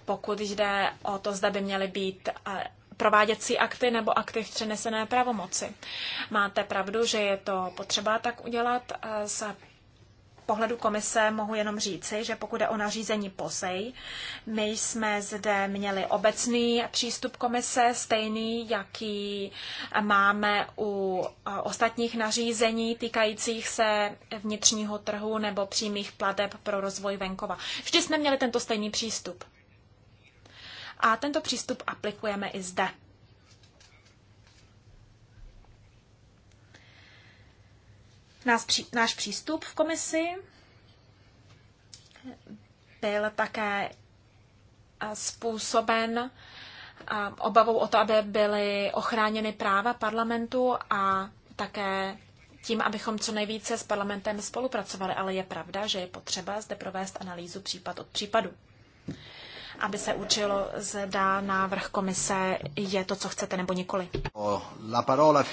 pokud jde o to, zda by měly být eh, prováděcí akty nebo akty v přenesené pravomoci. Máte pravdu, že je to potřeba tak udělat. Z pohledu komise mohu jenom říci, že pokud je o nařízení POSEJ, my jsme zde měli obecný přístup komise, stejný, jaký máme u eh, ostatních nařízení týkajících se vnitřního trhu nebo přímých plateb pro rozvoj venkova. Vždy jsme měli tento stejný přístup. A tento přístup aplikujeme i zde. Nás, náš přístup v komisi byl také způsoben obavou o to, aby byly ochráněny práva parlamentu a také tím, abychom co nejvíce s parlamentem spolupracovali, ale je pravda, že je potřeba zde provést analýzu případ od případu. Aby se učilo, zda návrh komise je to, co chcete, nebo nikoli.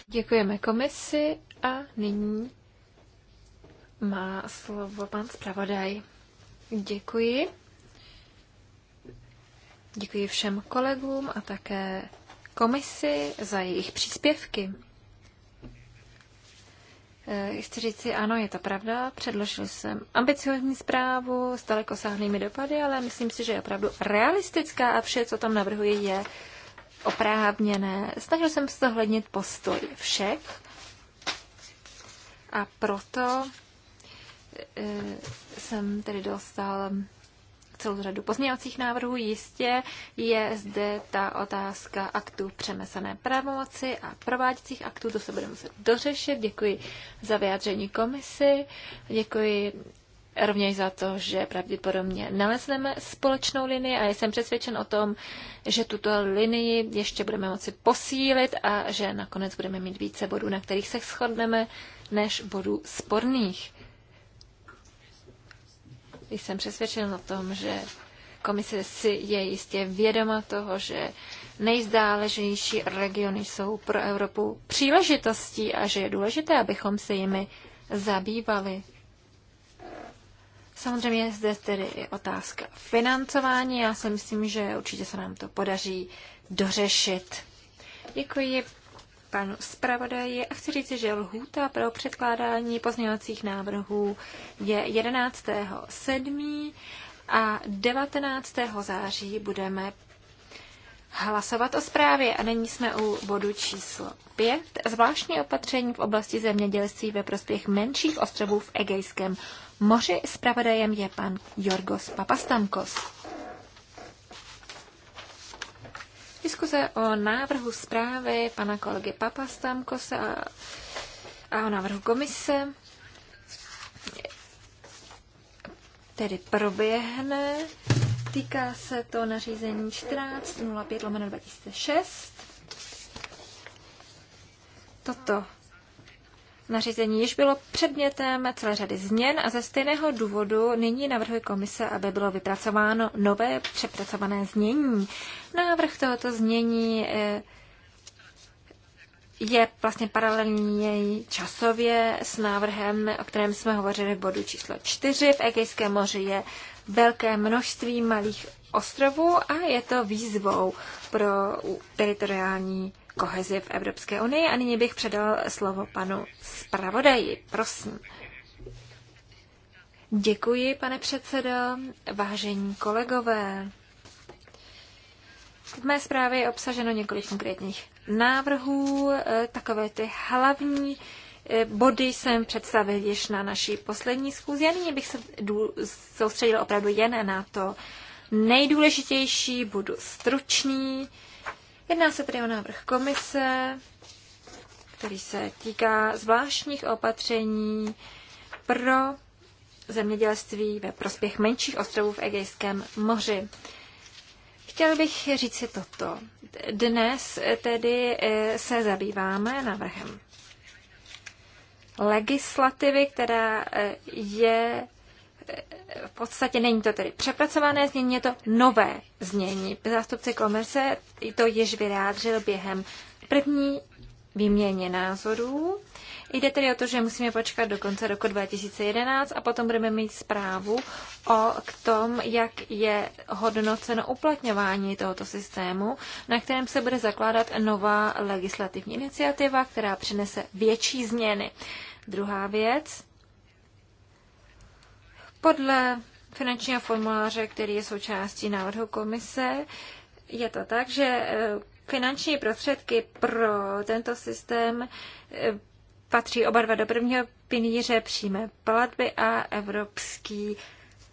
Děkujeme komisi a nyní má slovo pan zpravodaj. Děkuji. Děkuji všem kolegům a také komisi za jejich příspěvky. Eh, chci říct si, ano, je to pravda, předložil jsem ambiciozní zprávu s dalekosáhlými dopady, ale myslím si, že je opravdu realistická a vše, co tam navrhuji, je oprávněné. Snažil jsem se zohlednit postoj všech a proto Eh, jsem tedy dostal celou řadu pozměňovacích návrhů. Jistě je zde ta otázka aktů přenesené pravomoci a prováděcích aktů. To se bude muset dořešit. Děkuji za vyjádření komisy. Děkuji rovněž za to, že pravděpodobně nalezneme společnou linii a jsem přesvědčen o tom, že tuto linii ještě budeme moci posílit a že nakonec budeme mít více bodů, na kterých se shodneme, než bodů sporných. Jsem přesvědčen o tom, že komise si je jistě vědoma toho, že nejzdáležnější regiony jsou pro Evropu příležitostí a že je důležité, abychom se jimi zabývali. Samozřejmě je zde tedy i otázka financování. Já si myslím, že určitě se nám to podaří dořešit. Děkuji panu zpravodaji a chci říct, že lhůta pro předkládání pozměňovacích návrhů je 11.7. a 19. září budeme hlasovat o zprávě a nyní jsme u bodu číslo 5. Zvláštní opatření v oblasti zemědělství ve prospěch menších ostrovů v Egejském moři. Spravodajem je pan Jorgos Papastamkos. Diskuze o návrhu zprávy pana kolegy Papastamkose a, a o návrhu komise tedy proběhne. Týká se to nařízení 14.05 2006. Toto Nařízení již bylo předmětem celé řady změn a ze stejného důvodu nyní navrhuje komise, aby bylo vypracováno nové přepracované znění. Návrh tohoto znění eh, je vlastně paralelní časově s návrhem, o kterém jsme hovořili v bodu číslo 4. V Egejském moři je velké množství malých ostrovů a je to výzvou pro teritoriální kohezi v Evropské unii. A nyní bych předal slovo panu zpravodaji. Prosím. Děkuji, pane předsedo, vážení kolegové. V mé zprávě je obsaženo několik konkrétních návrhů. Takové ty hlavní eh, body jsem představil již na naší poslední schůzi a nyní bych se soustředil opravdu jen na to nejdůležitější, budu stručný. Jedná se tedy o návrh komise, který se týká zvláštních opatření pro zemědělství ve prospěch menších ostrovů v Egejském moři. Chtěl bych říct si toto. Dnes tedy eh, se zabýváme návrhem legislativy, která eh, je v podstatě není to tedy přepracované znění, je to nové znění. Zástupce komise to již vyjádřil během první výměně názorů. Jde tedy o to, že musíme počkat do konce roku 2011 a potom budeme mít zprávu o k tom, jak je hodnoceno uplatňování tohoto systému, na kterém se bude zakládat nová legislativní iniciativa, která přinese větší změny. Druhá věc, podle finančního formuláře, který je součástí návrhu komise, je to tak, že eh, finanční prostředky pro tento systém eh, patří oba dva do prvního pilíře přímé platby a Evropský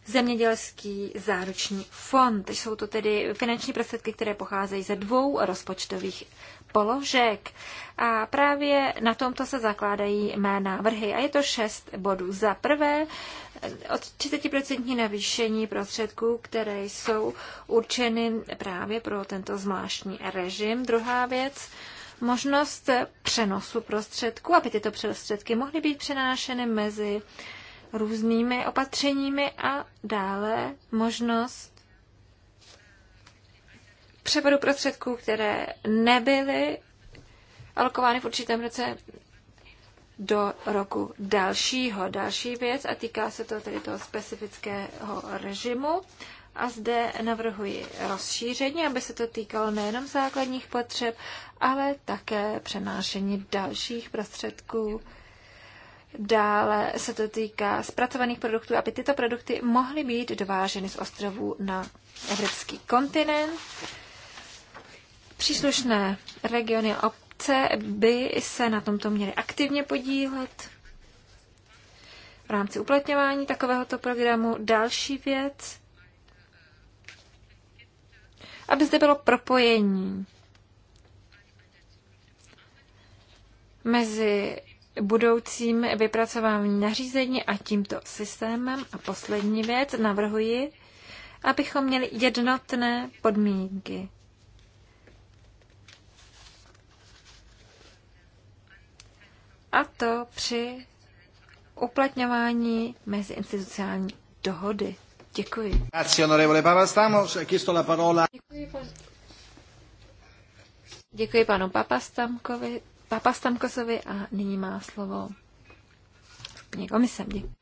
zemědělský záruční fond. Jsou to tedy finanční prostředky, které pocházejí ze dvou rozpočtových položek. A právě na tomto se zakládají mé návrhy. A je to šest bodů. Za prvé, od 30% navýšení prostředků, které jsou určeny právě pro tento zvláštní režim. Druhá věc, možnost přenosu prostředků, aby tyto prostředky mohly být přenášeny mezi různými opatřeními a dále možnost převodu prostředků, které nebyly alokovány v určitém roce do roku dalšího. Další věc a týká se to tedy toho specifického režimu. A zde navrhuji rozšíření, aby se to týkalo nejenom základních potřeb, ale také přenášení dalších prostředků. Dále se to týká zpracovaných produktů, aby tyto produkty mohly být dováženy z ostrovů na evropský kontinent. Příslušné regiony a obce by se na tomto měly aktivně podílet v rámci uplatňování takovéhoto programu. Další věc, aby zde bylo propojení mezi budoucím vypracováním nařízení a tímto systémem. A poslední věc, navrhuji, abychom měli jednotné podmínky a to při uplatňování meziinstitucionální dohody. Děkuji. Děkuji, Děkuji panu Papastamkovi, Papastamkosovi a nyní má slovo paní komisem. Děkuji.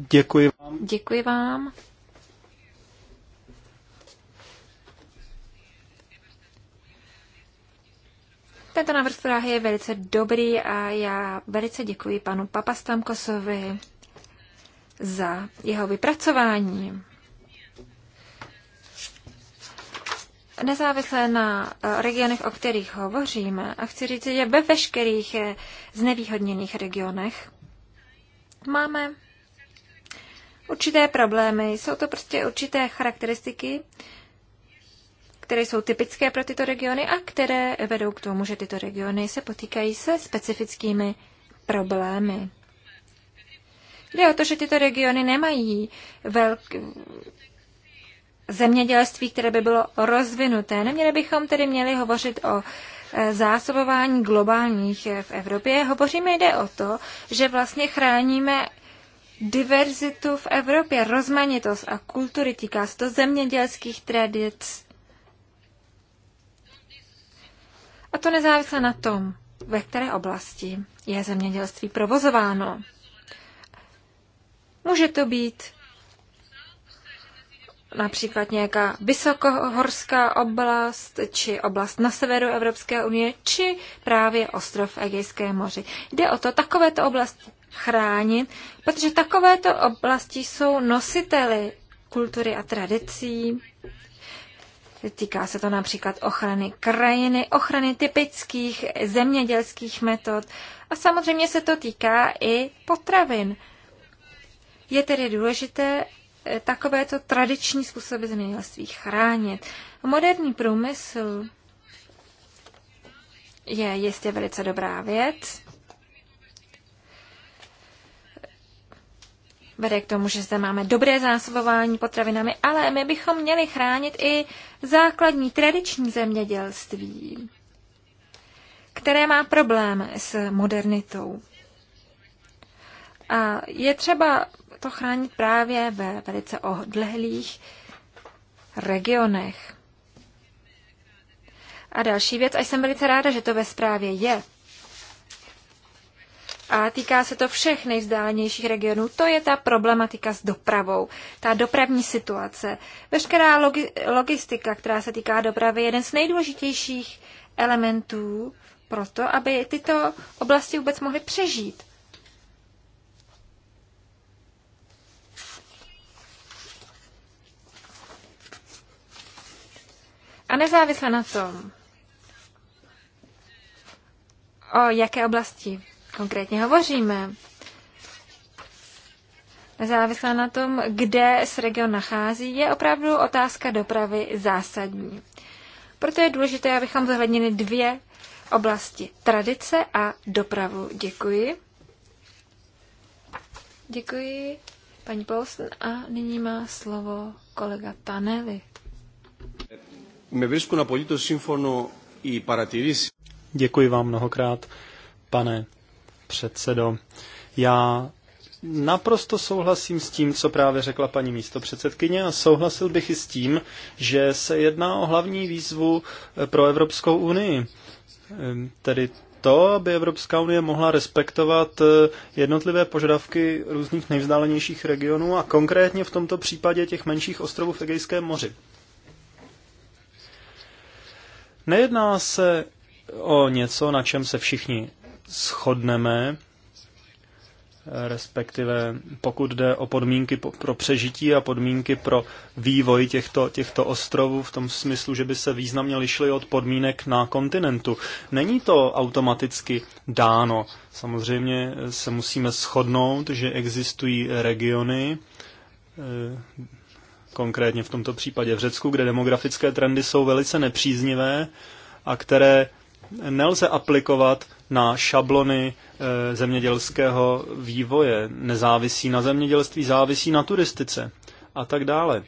Děkuji vám.
Děkuji vám. Tento návrh zprávy je velice dobrý a já velice děkuji panu Papastamkosovi za jeho vypracování. Nezávisle na eh, regionech, o kterých hovoříme, a chci říct, že ve veškerých eh, znevýhodněných regionech máme určité problémy. Jsou to prostě určité charakteristiky, které jsou typické pro tyto regiony a které vedou k tomu, že tyto regiony se potýkají se specifickými problémy. Jde o to, že tyto regiony nemají velk... zemědělství, které by bylo rozvinuté. Neměli bychom tedy měli hovořit o e, zásobování globálních e, v Evropě. Hovoříme jde o to, že vlastně chráníme diverzitu v Evropě, rozmanitost a kultury. Týká se to zemědělských tradic, A to nezávisle na tom, ve které oblasti je zemědělství provozováno. Může to být například nějaká vysokohorská oblast, či oblast na severu Evropské unie, či právě ostrov Egejské moři. Jde o to takovéto oblasti chránit, protože takovéto oblasti jsou nositeli kultury a tradicí, Týká se to například ochrany krajiny, ochrany typických zemědělských metod a samozřejmě se to týká i potravin. Je tedy důležité eh, takovéto tradiční způsoby zemědělství chránit. Moderní průmysl je jistě velice dobrá věc, vede k tomu, že zde máme dobré zásobování potravinami, ale my bychom měli chránit i základní tradiční zemědělství, které má problém s modernitou. A je třeba to chránit právě ve velice odlehlých regionech. A další věc, a jsem velice ráda, že to ve zprávě je, a týká se to všech nejvzdálenějších regionů. To je ta problematika s dopravou, ta dopravní situace. Veškerá logi- logistika, která se týká dopravy, je jeden z nejdůležitějších elementů pro to, aby tyto oblasti vůbec mohly přežít. A nezávisle na tom, o jaké oblasti konkrétně hovoříme. Závislá na tom, kde se region nachází, je opravdu otázka dopravy zásadní. Proto je důležité, abychom zohlednili dvě oblasti. Tradice a dopravu. Děkuji. Děkuji, paní Poulsen. A nyní má slovo kolega Taneli.
Me vρίσκουν απολύτως σύμφωνο i παρατηρήσεις. Děkuji vám mnohokrát, pane předsedo. Já naprosto souhlasím s tím, co právě řekla paní předsedkyně a souhlasil bych i s tím, že se jedná o hlavní výzvu eh, pro Evropskou unii. Ehm, tedy to, aby Evropská unie mohla respektovat eh, jednotlivé požadavky různých nejvzdálenějších regionů a konkrétně v tomto případě těch menších ostrovů v Egejském moři. Nejedná se o něco, na čem se všichni shodneme, respektive pokud jde o podmínky pro přežití a podmínky pro vývoj těchto, těchto ostrovů v tom smyslu, že by se významně lišily od podmínek na kontinentu. Není to automaticky dáno. Samozřejmě se musíme shodnout, že existují regiony, eh, konkrétně v tomto případě v Řecku, kde demografické trendy jsou velice nepříznivé a které nelze aplikovat na šablony eh, zemědělského vývoje, nezávisí na zemědělství, závisí na turistice a tak dále.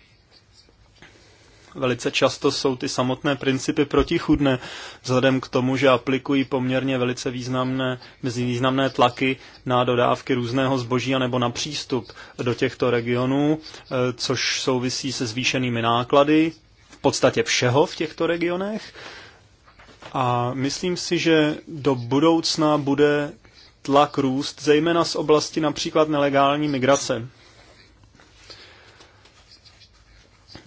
Velice často jsou ty samotné principy protichudné, vzhledem k tomu, že aplikují poměrně velice významné, významné tlaky na dodávky různého zboží nebo na přístup do těchto regionů, eh, což souvisí se zvýšenými náklady v podstatě všeho v těchto regionech a myslím si, že do budoucna bude tlak růst, zejména z oblasti například nelegální migrace.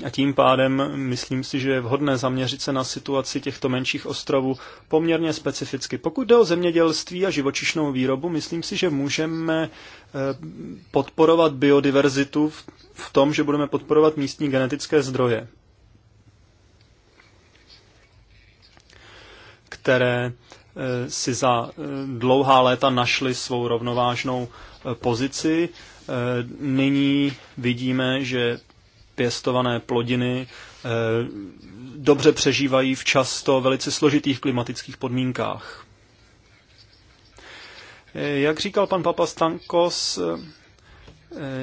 A tím pádem myslím si, že je vhodné zaměřit se na situaci těchto menších ostrovů poměrně specificky. Pokud jde o zemědělství a živočišnou výrobu, myslím si, že můžeme eh, podporovat biodiverzitu v tom, že budeme podporovat místní genetické zdroje. které eh, si za eh, dlouhá léta našly svou rovnovážnou eh, pozici. Nyní vidíme, že pěstované plodiny dobře přežívají v často velice složitých klimatických podmínkách. Jak říkal pan Papastankos,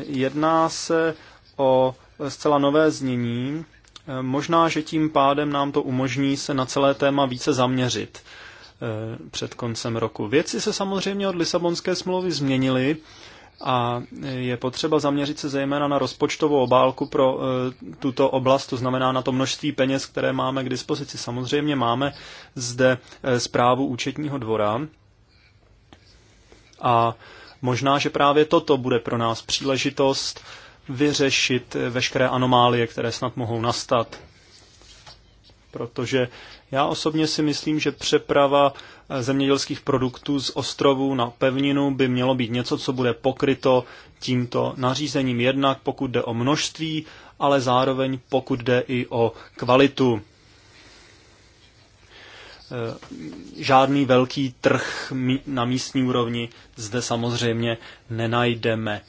jedná se o zcela nové znění Eh, možná, že tím pádem nám to umožní se na celé téma více zaměřit eh, před koncem roku. Věci se samozřejmě od Lisabonské smlouvy změnily a je potřeba zaměřit se zejména na rozpočtovou obálku pro eh, tuto oblast, to znamená na to množství peněz, které máme k dispozici. Samozřejmě máme zde zprávu účetního dvora a možná, že právě toto bude pro nás příležitost vyřešit veškeré anomálie, které snad mohou nastat. Protože já osobně si myslím, že přeprava eh, zemědělských produktů z ostrovů na pevninu by mělo být něco, co bude pokryto tímto nařízením jednak, pokud jde o množství, ale zároveň pokud jde i o kvalitu. Eh, žádný velký trh na místní úrovni zde samozřejmě nenajdeme.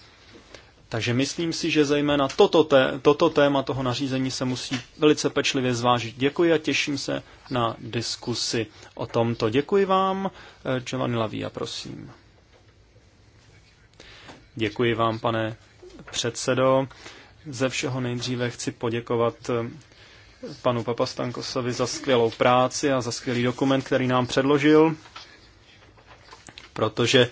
Takže myslím si, že zejména toto, té, toto téma toho nařízení se musí velice pečlivě zvážit. Děkuji a těším se na diskusi o tomto. Děkuji vám, eh, Giovanni Lavia, prosím. Děkuji vám, pane předsedo. Ze všeho nejdříve chci poděkovat eh, panu Papastankosovi za skvělou práci a za skvělý dokument, který nám předložil, protože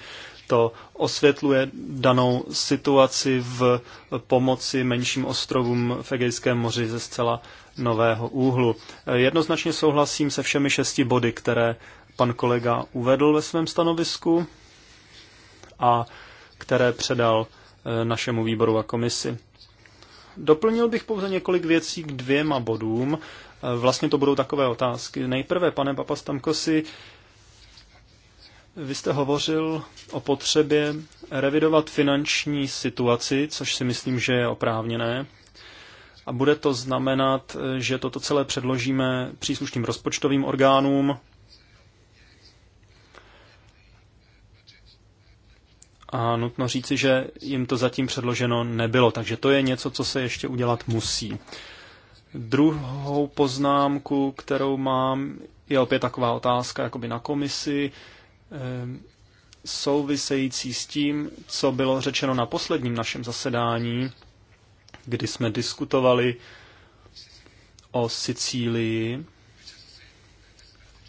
to osvětluje danou situaci v pomoci menším ostrovům v Egejském moři ze zcela nového úhlu. Jednoznačně souhlasím se všemi šesti body, které pan kolega uvedl ve svém stanovisku a které předal eh, našemu výboru a komisi. Doplnil bych pouze několik věcí k dvěma bodům. Eh, vlastně to budou takové otázky. Nejprve, pane papastamkosi. Vy jste hovořil o potřebě revidovat finanční situaci, což si myslím, že je oprávněné. A bude to znamenat, že toto celé předložíme příslušným rozpočtovým orgánům a nutno říci, že jim to zatím předloženo nebylo, takže to je něco, co se ještě udělat musí. Druhou poznámku, kterou mám, je opět taková otázka jakoby na komisi. Ehm, související s tím, co bylo řečeno na posledním našem zasedání, kdy jsme diskutovali o Sicílii,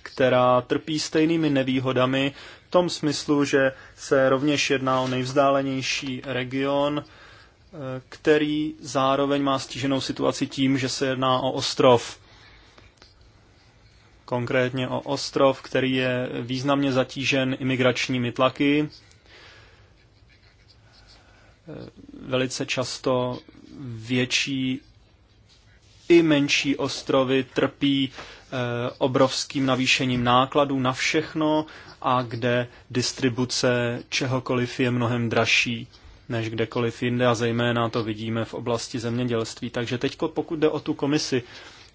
která trpí stejnými nevýhodami v tom smyslu, že se rovněž jedná o nejvzdálenější region, ehm, který zároveň má stíženou situaci tím, že se jedná o ostrov konkrétně o ostrov, který je významně zatížen imigračními tlaky. Velice často větší i menší ostrovy trpí eh, obrovským navýšením nákladů na všechno a kde distribuce čehokoliv je mnohem dražší než kdekoliv jinde a zejména to vidíme v oblasti zemědělství. Takže teď pokud jde o tu komisi,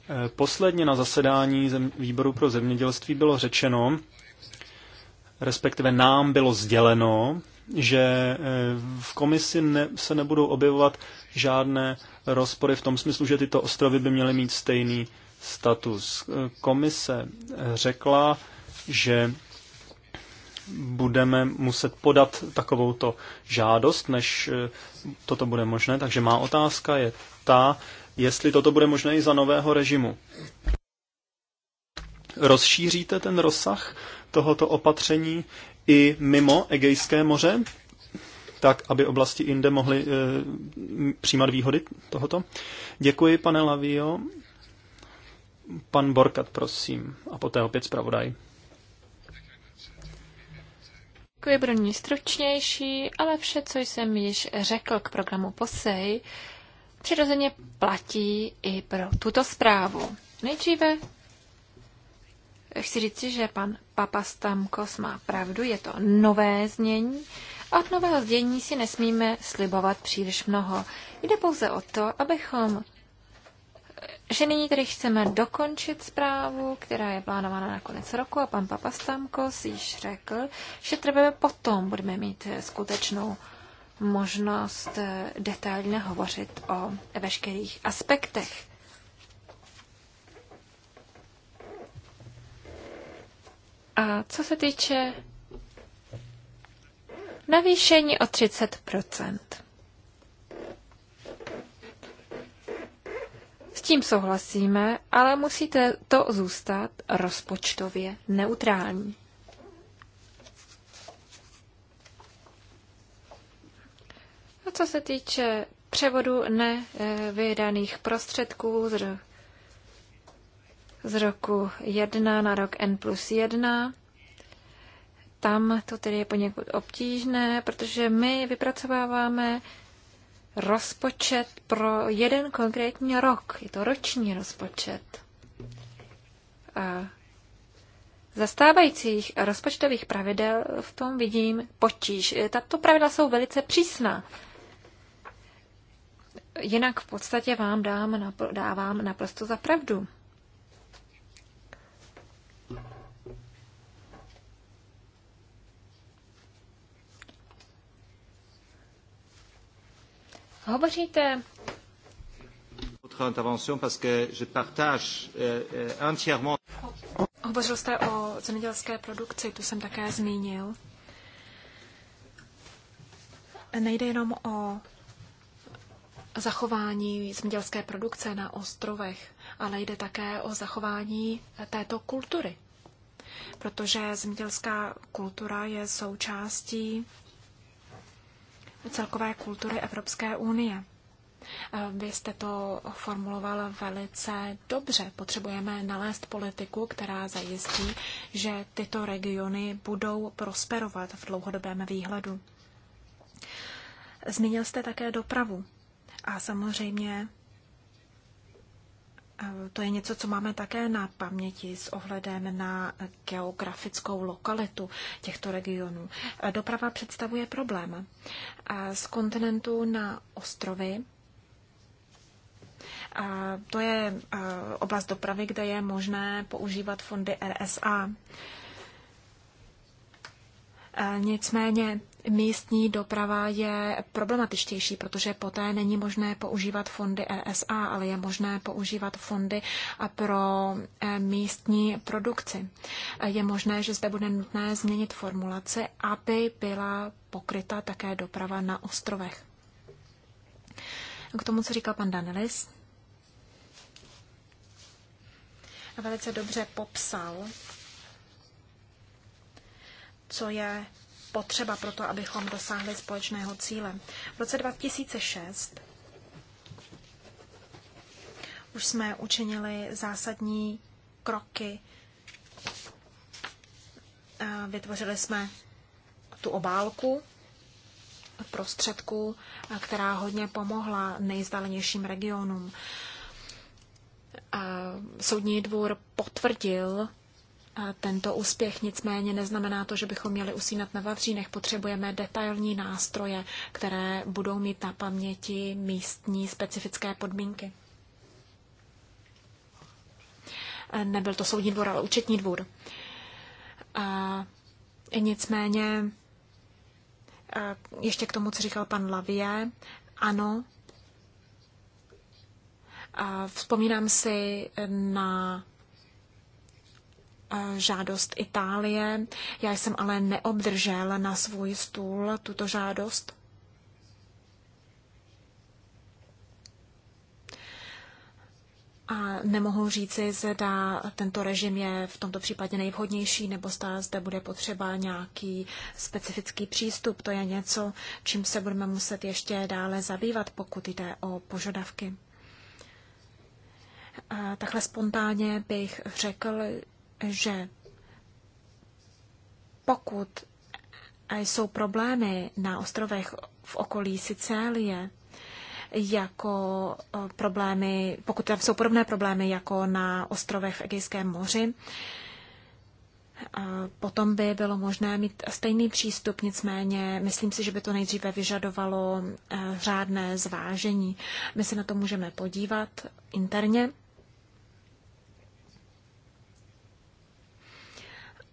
Eh, posledně na zasedání výboru pro zemědělství bylo řečeno, respektive nám bylo sděleno, že eh, v komisi ne, se nebudou objevovat žádné rozpory v tom smyslu, že tyto ostrovy by měly mít stejný status. Eh, komise řekla, že budeme muset podat takovouto žádost, než toto bude možné. Takže má otázka je ta, jestli toto bude možné i za nového režimu. Rozšíříte ten rozsah tohoto opatření i mimo Egejské moře, tak aby oblasti Inde mohly e, přijímat výhody tohoto? Děkuji, pane Lavio. Pan Borkat, prosím, a poté opět zpravodaj.
Děkuji, budu stručnější, ale vše, co jsem již řekl k programu POSEJ, přirozeně platí i pro tuto zprávu. Nejdříve chci říci, že pan Papastamkos má pravdu, je to nové znění. A od nového znění si nesmíme slibovat příliš mnoho. Jde pouze o to, abychom že nyní tedy chceme dokončit zprávu, která je plánována na konec roku a pan Papastamkos již řekl, že teprve potom budeme mít skutečnou možnost eh, detailně hovořit o veškerých aspektech. A co se týče navýšení o 30 S tím souhlasíme, ale musíte to zůstat rozpočtově neutrální. Co se týče převodu nevydaných prostředků z, z roku 1 na rok N plus 1, tam to tedy je poněkud obtížné, protože my vypracováváme rozpočet pro jeden konkrétní rok. Je to roční rozpočet. A zastávajících rozpočtových pravidel v tom vidím potíž. Tato pravidla jsou velice přísná. Jinak v podstatě vám dám, napr- dávám naprosto za pravdu. Hovoříte euh, euh, Hovořil jste o
zemědělské produkci, tu jsem také zmínil. Nejde jenom o zachování zemědělské produkce na ostrovech, ale jde také o zachování této kultury. Protože zemědělská kultura je součástí celkové kultury Evropské unie. Eh, vy jste to formuloval velice dobře. Potřebujeme nalézt politiku, která zajistí, že tyto regiony budou prosperovat v dlouhodobém výhledu. Zmínil jste také dopravu. A samozřejmě eh, to je něco, co máme také na paměti s ohledem na geografickou lokalitu těchto regionů. Eh, doprava představuje problém. Eh, z kontinentu na ostrovy to je oblast dopravy, kde je možné používat fondy RSA. Nicméně místní doprava je problematičtější, protože poté není možné používat fondy ESA, ale je možné používat fondy pro eh, místní produkci. Eh, je možné, že zde bude nutné změnit formulaci, aby byla pokryta také doprava na ostrovech. K tomu, co říkal pan Danelis, velice dobře popsal, co je potřeba pro to, abychom dosáhli společného cíle. V roce 2006 už jsme učinili zásadní kroky. Eh, vytvořili jsme tu obálku prostředků, eh, která hodně pomohla nejzdálenějším regionům. Eh, soudní dvůr potvrdil tento úspěch. Nicméně neznamená to, že bychom měli usínat na vavřínech. Potřebujeme detailní nástroje, které budou mít na paměti místní specifické podmínky. E, nebyl to soudní dvůr, ale účetní dvůr. A nicméně e, ještě k tomu, co říkal pan Lavie, ano, a vzpomínám si na žádost Itálie. Já jsem ale neobdržel na svůj stůl tuto žádost. A nemohu říci, zda tento režim je v tomto případě nejvhodnější, nebo zda zde bude potřeba nějaký specifický přístup. To je něco, čím se budeme muset ještě dále zabývat, pokud jde o požadavky. Takhle spontánně bych řekl, že pokud jsou problémy na ostrovech v okolí Sicílie, jako eh, problémy, pokud tam jsou podobné problémy jako na ostrovech v Egejském moři, eh, potom by bylo možné mít stejný přístup, nicméně myslím si, že by to nejdříve vyžadovalo eh, řádné zvážení. My se na to můžeme podívat interně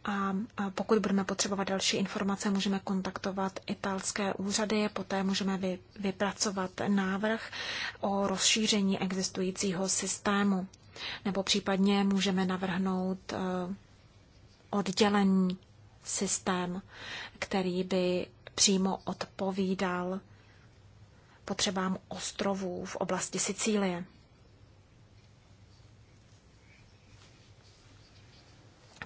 A pokud budeme potřebovat další informace, můžeme kontaktovat italské úřady, poté můžeme vypracovat návrh o rozšíření existujícího systému. Nebo případně můžeme navrhnout eh, oddělený systém, který by přímo odpovídal potřebám ostrovů v oblasti Sicílie.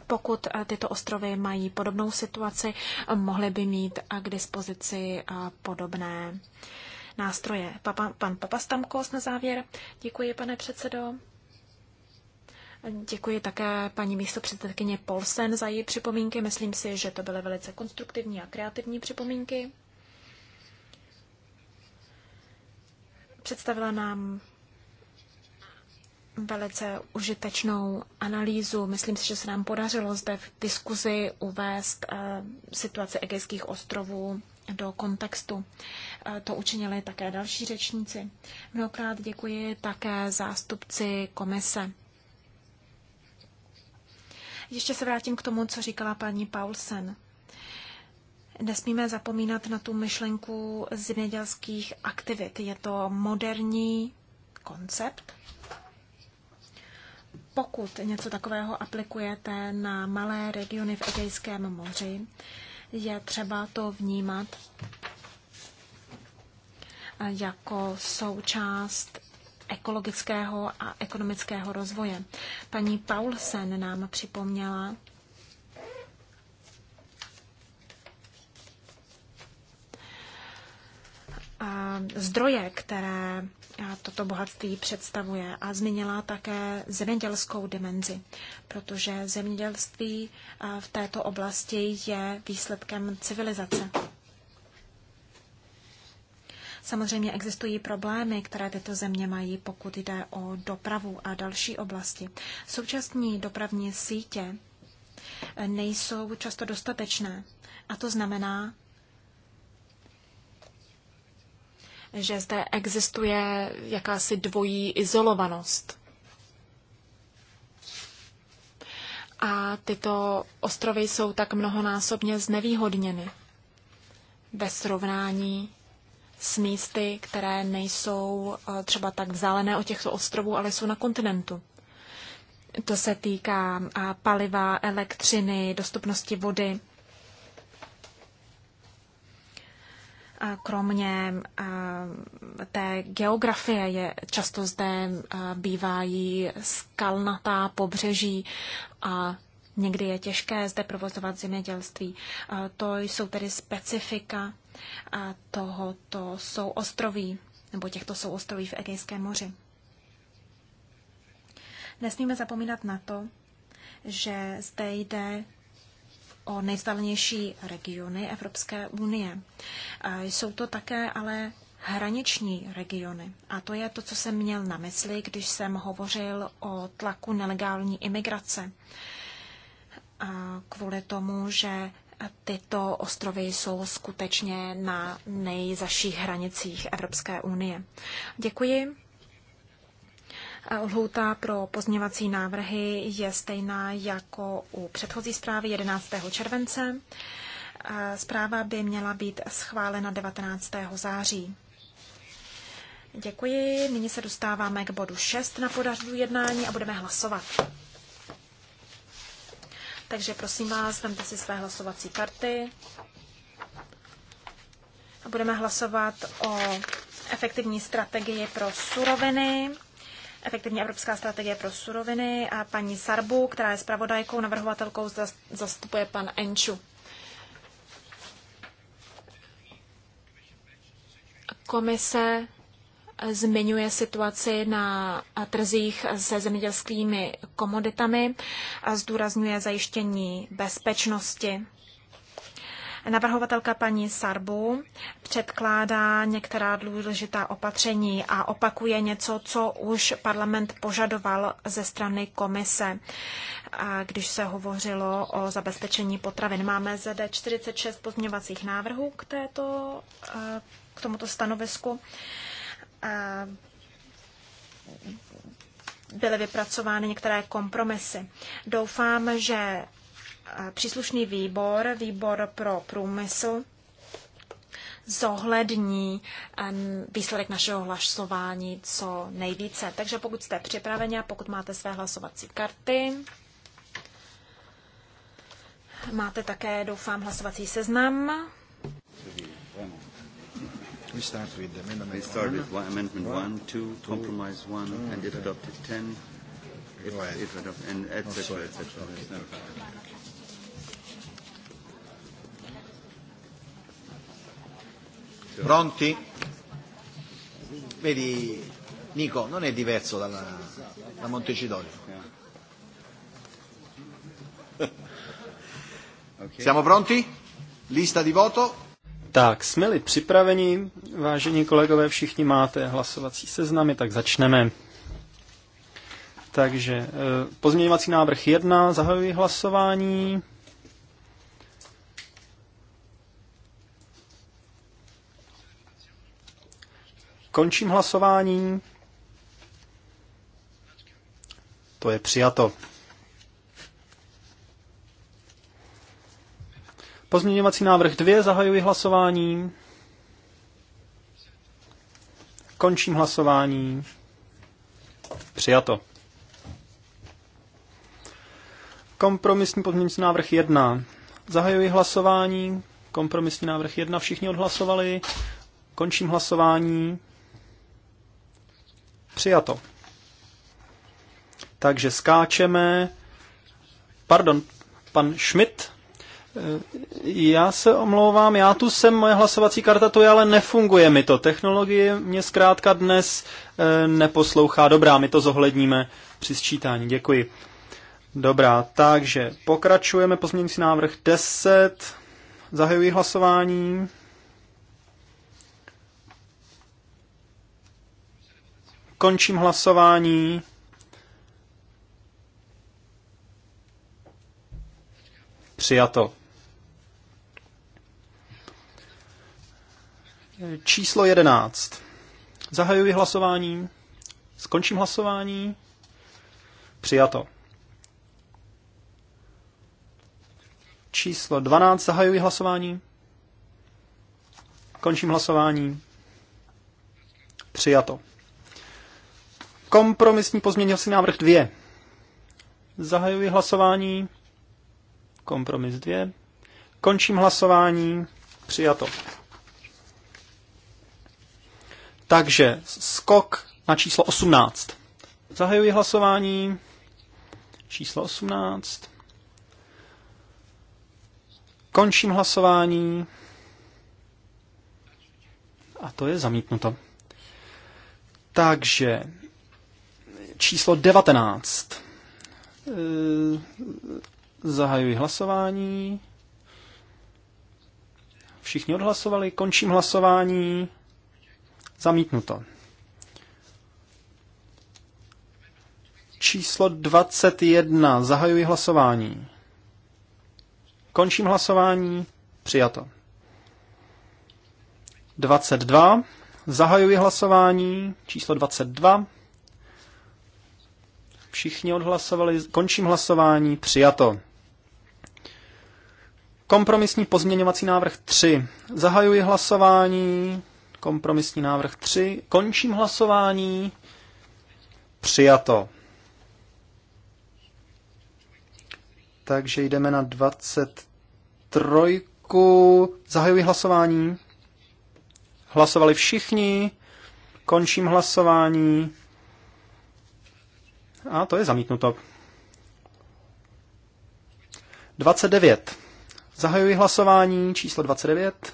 pokud eh, tyto ostrovy mají podobnou situaci, mohly by mít eh, k dispozici eh, podobné nástroje. Papa, pan Papastamkos na závěr. Děkuji, pane předsedo. Děkuji také paní místopředsedkyně Polsen za její připomínky. Myslím si, že to byly velice konstruktivní a kreativní připomínky. Představila nám velice užitečnou analýzu. Myslím si, že se nám podařilo zde v diskuzi uvést eh, situaci Egejských ostrovů do kontextu. Eh, to učinili také další řečníci. Mnohokrát děkuji také zástupci komise. Ještě se vrátím k tomu, co říkala paní Paulsen. Nesmíme zapomínat na tu myšlenku zemědělských aktivit. Je to moderní koncept, pokud něco takového aplikujete na malé regiony v Egejském moři, je třeba to vnímat jako součást ekologického a ekonomického rozvoje. Paní Paulsen nám připomněla, zdroje, které toto bohatství představuje a zmínila také zemědělskou dimenzi, protože zemědělství v této oblasti je výsledkem civilizace. Samozřejmě existují problémy, které tyto země mají, pokud jde o dopravu a další oblasti. Současní dopravní sítě nejsou často dostatečné a to znamená, že zde existuje jakási dvojí izolovanost. A tyto ostrovy jsou tak mnohonásobně znevýhodněny ve srovnání s místy, které nejsou eh, třeba tak vzdálené od těchto ostrovů, ale jsou na kontinentu. To se týká eh, paliva, elektřiny, dostupnosti vody. Kromě té geografie je často zde bývají skalnatá pobřeží a někdy je těžké zde provozovat zemědělství. To jsou tedy specifika tohoto souostroví nebo těchto souostroví v Egejském moři. Nesmíme zapomínat na to, že zde jde o nejvzdálenější regiony Evropské unie. Jsou to také ale hraniční regiony. A to je to, co jsem měl na mysli, když jsem hovořil o tlaku nelegální imigrace. A kvůli tomu, že tyto ostrovy jsou skutečně na nejzaších hranicích Evropské unie. Děkuji. Lhůta pro pozměvací návrhy je stejná jako u předchozí zprávy 11. července. Zpráva by měla být schválena 19. září. Děkuji. Nyní se dostáváme k bodu 6 na podařu jednání a budeme hlasovat. Takže prosím vás, vemte si své hlasovací karty. A budeme hlasovat o efektivní strategii pro suroviny efektivní evropská strategie pro suroviny a paní Sarbu, která je zpravodajkou, navrhovatelkou zastupuje pan Enču. Komise eh, zmiňuje situaci na eh, trzích se zemědělskými komoditami a zdůrazňuje zajištění bezpečnosti Navrhovatelka paní Sarbu předkládá některá důležitá opatření a opakuje něco, co už parlament požadoval ze strany komise, když se hovořilo o zabezpečení potravin. Máme zde 46 pozměňovacích návrhů k, této, k tomuto stanovisku byly vypracovány některé kompromisy. Doufám, že Eh, příslušný výbor, výbor pro průmysl, zohlední eh, výsledek našeho hlasování co nejvíce. Takže pokud jste připraveni a pokud máte své hlasovací karty, máte také, doufám, hlasovací seznam.
We start with the amendment We start with one, amendment compromise and it adopted adopted, and etc. etc. Et oh,
Pronti? Vedi, Nico, non è diverso dalla, da Montecitorio. <laughs>
Okay. Siamo pronti? Lista di voto? Tak, jsme-li připraveni, vážení kolegové, všichni máte hlasovací seznamy, tak začneme. Takže eh, pozměňovací návrh 1, zahajuji hlasování. Končím hlasování.
To je přijato.
Pozměňovací návrh 2, zahajuji hlasování. Končím hlasování. Přijato. Kompromisní pozměňovací návrh 1. Zahajuji hlasování. Kompromisní návrh 1. Všichni odhlasovali. Končím hlasování. Přijato. Takže skáčeme. Pardon, pan Schmidt. Eh, já se omlouvám, já tu jsem, moje hlasovací karta tu je, ale nefunguje mi to. Technologie mě zkrátka dnes eh, neposlouchá. Dobrá, my to zohledníme při sčítání. Děkuji. Dobrá, takže pokračujeme. Pozměňující návrh 10. Zahajuji hlasování. Končím hlasování. Přijato. Číslo 11. Zahajuji hlasování. Skončím hlasování. Přijato. Číslo 12. Zahajuji hlasování. Končím hlasování. Přijato. Kompromisní pozměňovací návrh 2. Zahajuji hlasování. Kompromis 2. Končím hlasování. Přijato. Takže skok na číslo 18. Zahajuji hlasování. Číslo 18. Končím hlasování. A to je zamítnuto. Takže číslo 19. E, zahajuji hlasování. Všichni odhlasovali, končím hlasování. Zamítnuto. Číslo 21. Zahajuji hlasování. Končím hlasování. Přijato. 22. Zahajuji hlasování. Číslo 22. Všichni odhlasovali, končím hlasování, přijato. Kompromisní pozměňovací návrh 3. Zahajuji hlasování. Kompromisní návrh 3. Končím hlasování. Přijato. Takže jdeme na 23. Zahajuji hlasování. Hlasovali všichni. Končím hlasování. A to je zamítnuto. 29. Zahajuji hlasování číslo 29.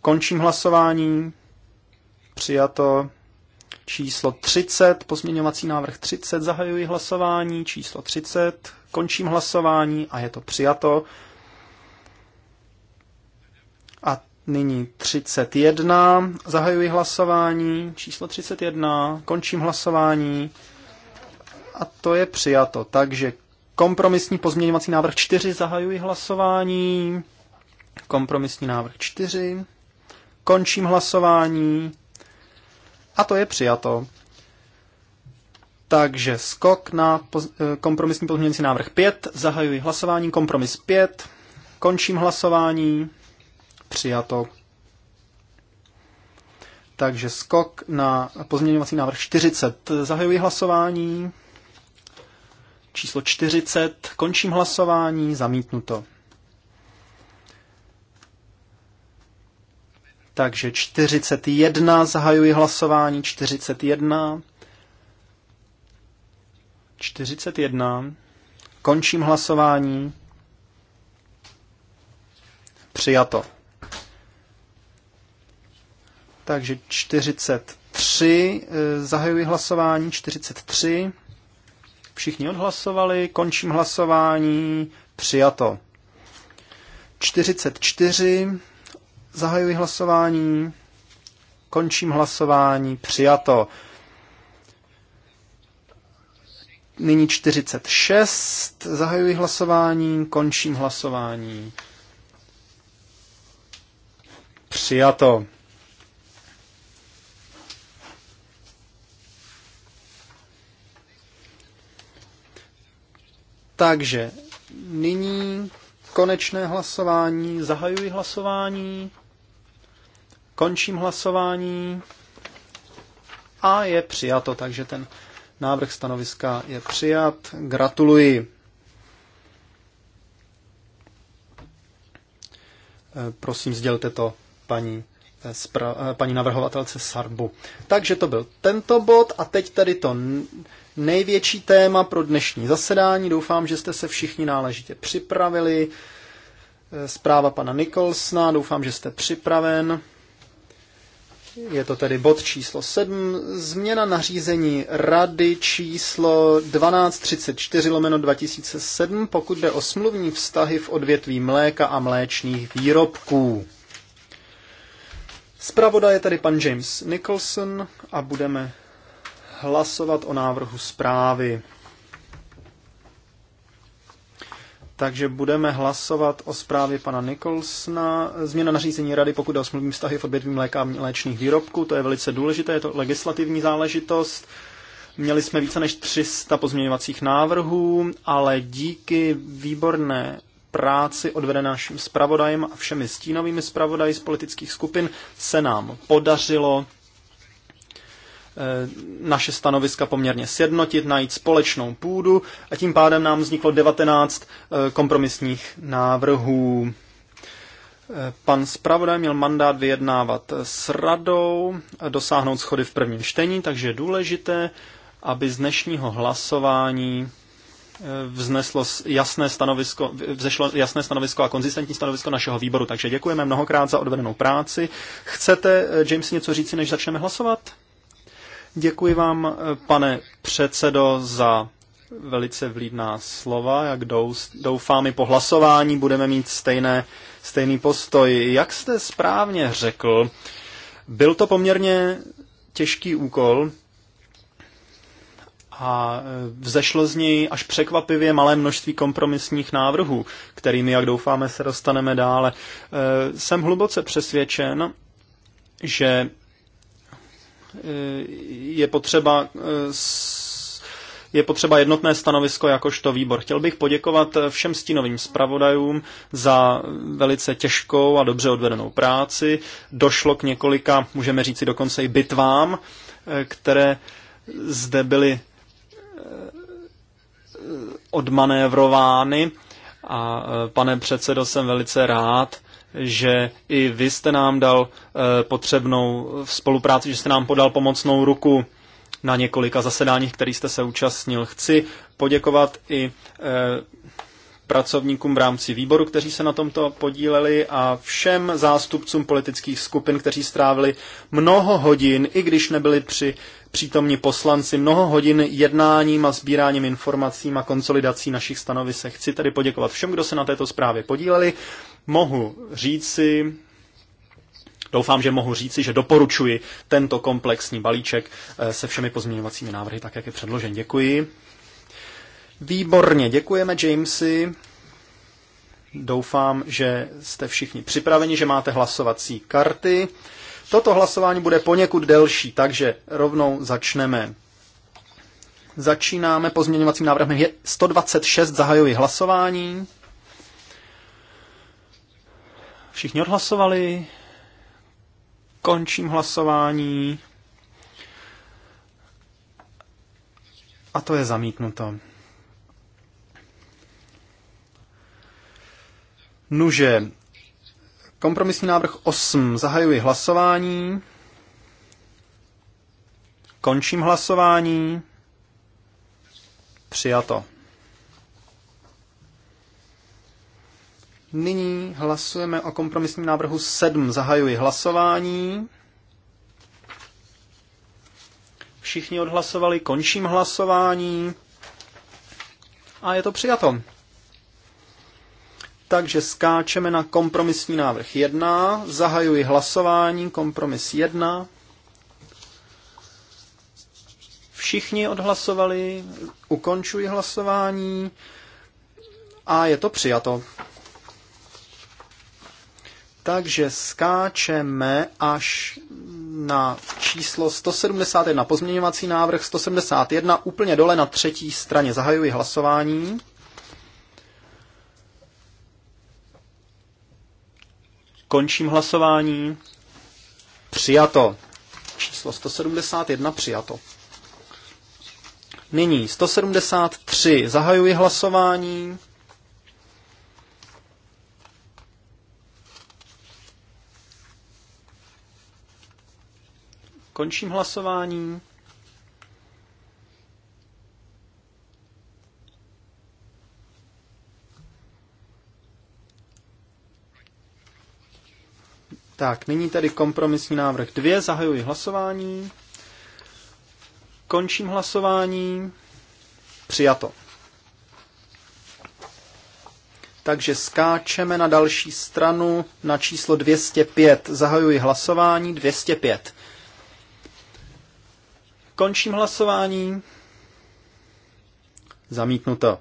Končím hlasování. Přijato číslo 30, pozměňovací návrh 30, zahajuji hlasování, číslo 30, končím hlasování a je to přijato. Nyní 31. Zahajuji hlasování. Číslo 31. Končím hlasování. A to je přijato. Takže kompromisní pozměňovací návrh 4. Zahajuji hlasování. Kompromisní návrh 4. Končím hlasování. A to je přijato. Takže skok na poz- eh, kompromisní pozměňovací návrh 5. Zahajuji hlasování. Kompromis 5. Končím hlasování přijato. Takže skok na pozměňovací návrh 40. Zahajuji hlasování. Číslo 40. Končím hlasování. Zamítnuto. Takže 41. Zahajuji hlasování. 41. 41. Končím hlasování. Přijato. Takže 43, e, zahajuji hlasování, 43. Všichni odhlasovali, končím hlasování, přijato. 44, zahajuji hlasování, končím hlasování, přijato. Nyní 46, zahajuji hlasování, končím hlasování.
Přijato.
Takže nyní konečné hlasování. Zahajuji hlasování. Končím hlasování. A je přijato, takže ten návrh stanoviska je přijat. Gratuluji. Eh, prosím, sdělte to paní, eh, eh, paní navrhovatelce Sarbu. Takže to byl tento bod a teď tady to největší téma pro dnešní zasedání. Doufám, že jste se všichni náležitě připravili. Eh, zpráva pana Nikolsna, doufám, že jste připraven. Je to tedy bod číslo 7, změna nařízení rady číslo 1234 lomeno 2007, pokud jde o smluvní vztahy v odvětví mléka a mléčných výrobků. Zpravoda je tady pan James Nicholson a budeme hlasovat o návrhu zprávy. Takže budeme hlasovat o zprávě pana Nicholsona. Změna nařízení rady, pokud o smluvní vztahy v odvětví mléka a mléčných výrobků, to je velice důležité, je to legislativní záležitost. Měli jsme více než 300 pozměňovacích návrhů, ale díky výborné práci odvedené naším zpravodajem a všemi stínovými zpravodaji z politických skupin se nám podařilo Eh, naše stanoviska poměrně sjednotit, najít společnou půdu a tím pádem nám vzniklo 19 eh, kompromisních návrhů. Eh, pan zpravodaj měl mandát vyjednávat s radou, dosáhnout schody v prvním čtení, takže je důležité, aby z dnešního hlasování vzneslo jasné stanovisko, vzešlo jasné stanovisko a konzistentní stanovisko našeho výboru. Takže děkujeme mnohokrát za odvedenou práci. Chcete, James, něco říci, než začneme hlasovat? Děkuji vám, eh, pane předsedo, za velice vlídná slova. Jak doufám i po hlasování budeme mít stejné, stejný postoj. Jak jste správně řekl, byl to poměrně těžký úkol a eh, vzešlo z něj až překvapivě malé množství kompromisních návrhů, kterými, jak doufáme, se dostaneme dále. Eh, jsem hluboce přesvědčen, že je potřeba je potřeba jednotné stanovisko jakožto výbor. Chtěl bych poděkovat všem stínovým zpravodajům za velice těžkou a dobře odvedenou práci. Došlo k několika, můžeme říci dokonce i bitvám, které zde byly eh, odmanévrovány. A eh, pane předsedo, jsem velice rád, že i vy jste nám dal eh, potřebnou spolupráci, že jste nám podal pomocnou ruku na několika zasedáních, který jste se účastnil. Chci poděkovat i eh, pracovníkům v rámci výboru, kteří se na tomto podíleli a všem zástupcům politických skupin, kteří strávili mnoho hodin, i když nebyli při přítomní poslanci, mnoho hodin jednáním a sbíráním informací a konsolidací našich stanovisek. Chci tedy poděkovat všem, kdo se na této zprávě podíleli mohu říci, doufám, že mohu říci, že doporučuji tento komplexní balíček eh, se všemi pozměňovacími návrhy, tak jak je předložen. Děkuji. Výborně, děkujeme Jamesy. Doufám, že jste všichni připraveni, že máte hlasovací karty. Toto hlasování bude poněkud delší, takže rovnou začneme. Začínáme pozměňovacím návrhem 126, zahajuji hlasování. Všichni odhlasovali. Končím hlasování. A to je zamítnuto. Nuže, kompromisní návrh 8. Zahajuji hlasování. Končím hlasování. Přijato. Nyní hlasujeme o kompromisním návrhu 7. Zahajuji hlasování. Všichni odhlasovali, končím hlasování. A je to přijato. Takže skáčeme na kompromisní návrh 1. Zahajuji hlasování, kompromis 1. Všichni odhlasovali, ukončuji hlasování a je to přijato takže skáčeme až na číslo 171, pozměňovací návrh 171, úplně dole na třetí straně. Zahajuji hlasování. Končím hlasování. Přijato. Číslo 171 přijato. Nyní 173. Zahajuji hlasování. Končím hlasování. Tak, nyní tady kompromisní návrh 2, zahajuji hlasování. Končím hlasování. Přijato. Takže skáčeme na další stranu na číslo 205. Zahajuji hlasování 205. Končím hlasování. Zamítnuto.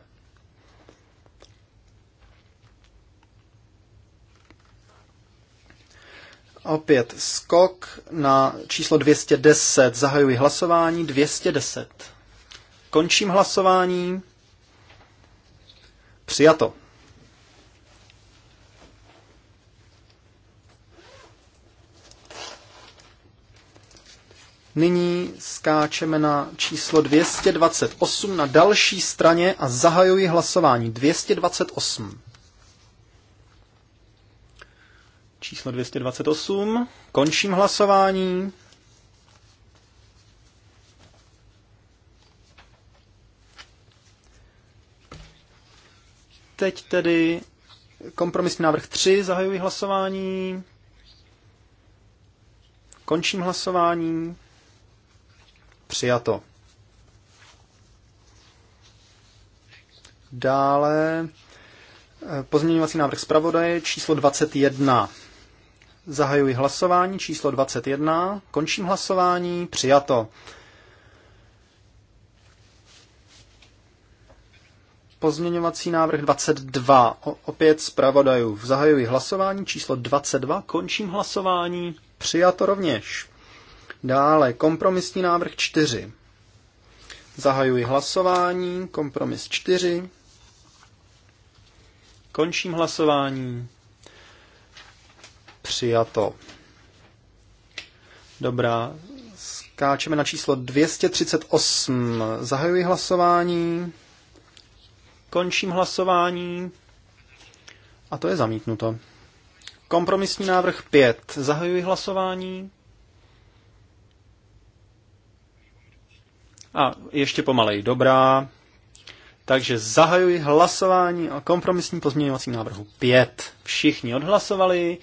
Opět skok na číslo 210. Zahajuji hlasování 210. Končím hlasování. Přijato. Nyní skáčeme na číslo 228 na další straně a zahajuji hlasování 228. Číslo 228. Končím hlasování. Teď tedy kompromisní návrh 3. Zahajuji hlasování. Končím hlasování. Přijato. Dále eh, pozměňovací návrh zpravodaje číslo 21. Zahajuji hlasování číslo 21, končím hlasování, přijato. Pozměňovací návrh 22, opět zpravodajů. Zahajuji hlasování číslo 22, končím hlasování, přijato rovněž. Dále kompromisní návrh 4. Zahajuji hlasování, kompromis 4. Končím hlasování. Přijato. Dobrá, skáčeme na číslo 238. Zahajuji hlasování. Končím hlasování. A to je zamítnuto. Kompromisní návrh 5. Zahajuji hlasování. A ještě pomalej dobrá. Takže zahajuji hlasování o kompromisním pozměňovacím návrhu 5. Všichni odhlasovali,